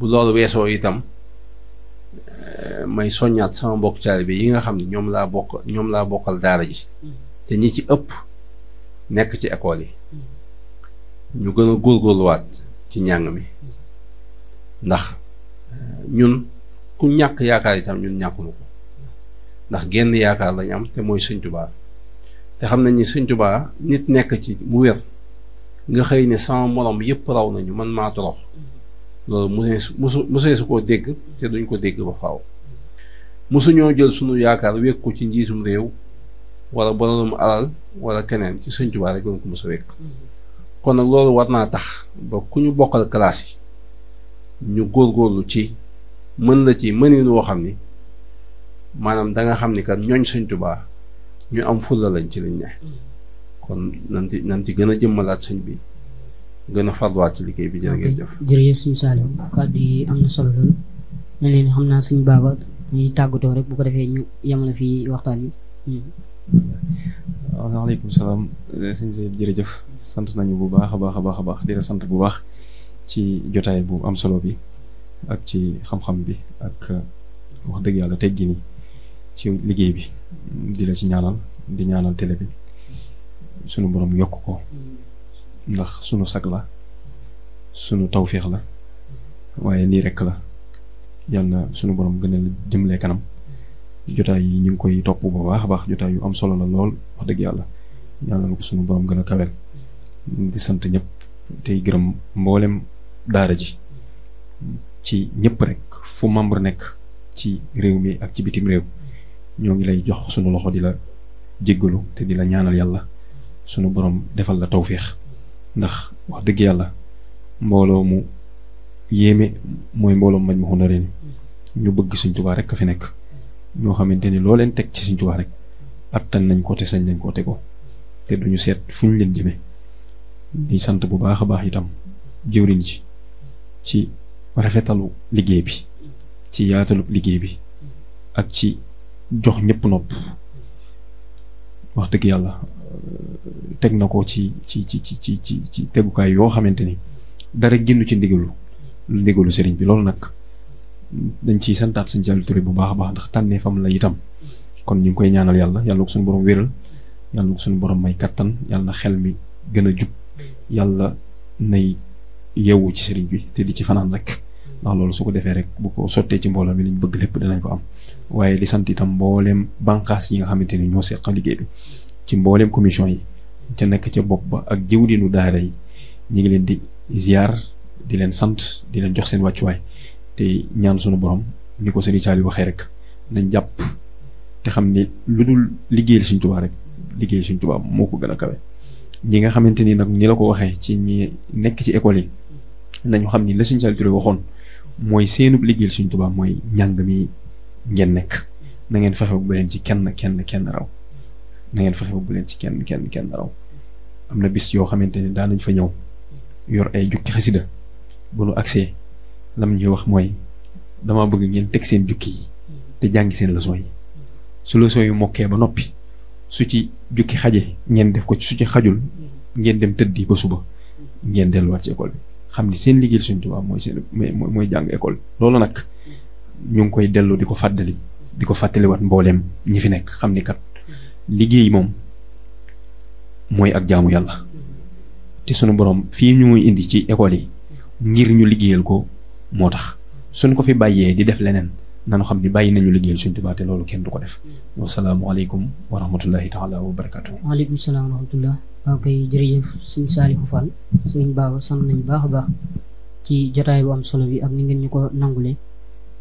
Speaker 3: bu loolu weesoo itam eh, may soññaat sama mbokk bi yi nga xam ne ñoom laa bokk ñoom laa bokkal daara ji te ñi ci ëpp nekk ci école yi ñu gën a góorgóorluwaat ci njàng mi ndax ñun ku ñàkk yaakaar itam ñun ñàkkunu ko ndax genn yaakaar lañ am te mooy sëñ te xam nañ ni sëñ tubaa nit nekk ci mu wér nga xëy ne sama morom yëpp raw nañu man maa torox loolu musu musee su koo dégg te duñ ko dégg ba faaw musuñoo jël sunu yaakaar wékk ko ci njiisum réew wala boroomu alal wala keneen ci sëñ rek lañ ko mos a wékk kon nag loolu war naa tax ba ku ñu bokkal classe yi ñu góorgóorlu ci mën la ci mënin woo xam ni maanaam danga xam ni kat ñooñ Sëñ tubaa ñu am fulla lañ ci lañ ne kon nan ci nan gën a jëmmalaat sëñ bi gën a ci liggéey bi jërë ngeen jëf
Speaker 2: jërëjëf sëñ Saliou kàddu yi am na solo loolu ma leen xam naa sëñ baaba dañuy tàggatoo rek bu ko defee ñu yemale fii waxtaan yi hmm.
Speaker 4: waaleykum salaam eh, sëñ Seydou jërëjëf sant nañu bu baax a baax a baax a baax di la sant bu baax ci jotaay bu am solo bi ak ci xam-xam bi ak euh, wax dëgg yàlla teggin yi ci liggéey bi di la ci ñaanal di ñaanal télé bi sunu borom yokk ko ndax sunu sag la sunu tawféex la waaye nii rek la yal na sunu borom gën a jëmlee kanam jotaay yi ñu ngi koy topp bu baax a baax jotaay yu am solo la lool wax dëgg yàlla yàlla na ko sunu borom gën a kawel di sant ñëpp tey gërëm mboolem daara ji ci ñëpp rek fu membre nekk ci réew mi ak ci bitim réew ñoo ngi lay jox sunu loxo di la jéggalu te di la ñaanal yàlla sunu borom defal la tawféex ndax wax dëgg yàlla mbooloo mu yéeme mooy mbooloo mañ ma xunda reen ñu bëgg Sëñ Tuubaa rek a fi nekk ñoo xamante ni loo leen teg ci Sëñ Tuubaa rek attan nañ ko te sañ lañ ko te ko te duñu seet fu ñu leen jëme di sant bu baax a baax itam jëwriñ ci ci rafetalu liggéey bi ci yaatalu liggéey bi ak ci jox ñëpp nopp wax dëgg yàlla euh, teg na ko ci ci ci ci ci ci ci tegukaay yoo xamante ni dara génnu ci ndigalu ndigalu sëriñ bi loolu nag dañ ciy santaat sëñ Saliou Touré bu baax a baax ndax tànnee fam la itam kon ñu ngi koy ñaanal yàlla yàlla ko suñu borom wéral yàlla ko suñu borom may kattan yàlla xel mi gën a jub yàlla nay yeewu ci sëriñ bi te di ci fanaan rek ndax loolu su ko defee rek bu ko sottee ci mbooloo mi bëgg lépp dinañ ko am waaye li sant itam mbooleem bànqaas yi nga xamante ni ñoo seqal liggéey ci mbooleem commission yi ca nekk ca bopp ba ak jëwriñu daara yi ñu ngi leen di ziar di leen sant di leen jox seen wàccuwaay te ñaan sunu borom ni ko sëriñ Saliou waxee rek nañ jàpp te xam ni lu dul liggéeyal Sëriñ Tuubaa rek liggéeyal Sëriñ Tuubaa moo ko ñi nga xamante ni nag ni la ko waxee ci ñi nekk ci école yi nañu xam ni la suñ Saliou Touré waxoon mooy seenub liggéeyal suñ tubaab mooy njàng mi ngeen nekk na ngeen fexe bu leen ci kenn kenn kenn raw na ngeen fexe bu leen ci kenn kenn kenn raw am na bis yoo xamante ne daan nañ fa ñëw yor ay jukki xasida bu nu agsee lam ñuy wax mooy dama bëgg ngeen teg seen jukki yi te jàngi seen leçon yi su leçon yi mokkee ba noppi su ci jukki xaje ngeen def ko su ci xajul ngeen dem tëddi ba suba ngeen delluwaat ci école bi xam ni seen liggéeyal Sëriñ Tuubaa mooy seen mooy jàng école loolu nag ñu ngi koy delloo di ko fàttali di ko fàttaliwaat mbooleem ñi fi nekk xam ni kat liggéey moom mooy ak jaamu yàlla te sunu borom fii ñu muy indi ci école yi ngir ñu liggéeyal ko moo tax suñ ko fi bàyyee di def leneen nañu xam ni bàyyi nañu liggéey Sëriñ Tuubaa te loolu kenn du ko def. wasalaamualeykum wa rahmatullahi taala wa barakaatu.
Speaker 2: waaleykum salaam wa rahmatullah. waaw kay jërëjëf sëñ Saalihu Fall sëñ Baba sant nañu baax a baax ci jotaay bu am solo bi ak ni ngeen ñu ko nangule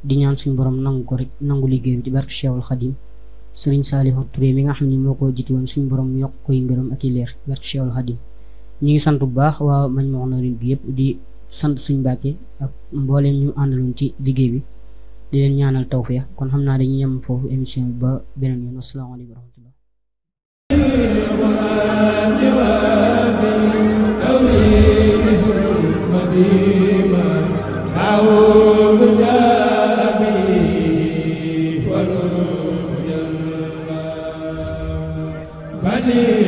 Speaker 2: di ñaan suñu borom nangu ko rek nangu liggéey bi ci barke Cheikhul Khadim sëriñ Saalihu Touré mi nga xam ne moo ko jiti woon suñu borom yokk koy ngërëm ak i leer barke Cheikhul Khadim ñu ngi sant bu baax waa Majmahun Nurayni bi yëpp di sant suñu Mbàkke ak mbooleem ñu àndaloon ci liggéey bi di leen ñaanal tawfiq kon xam naa dañuy yem foofu émission bi ba beneen yoon asalaamaaleykum wa
Speaker 5: rahmatullah Bani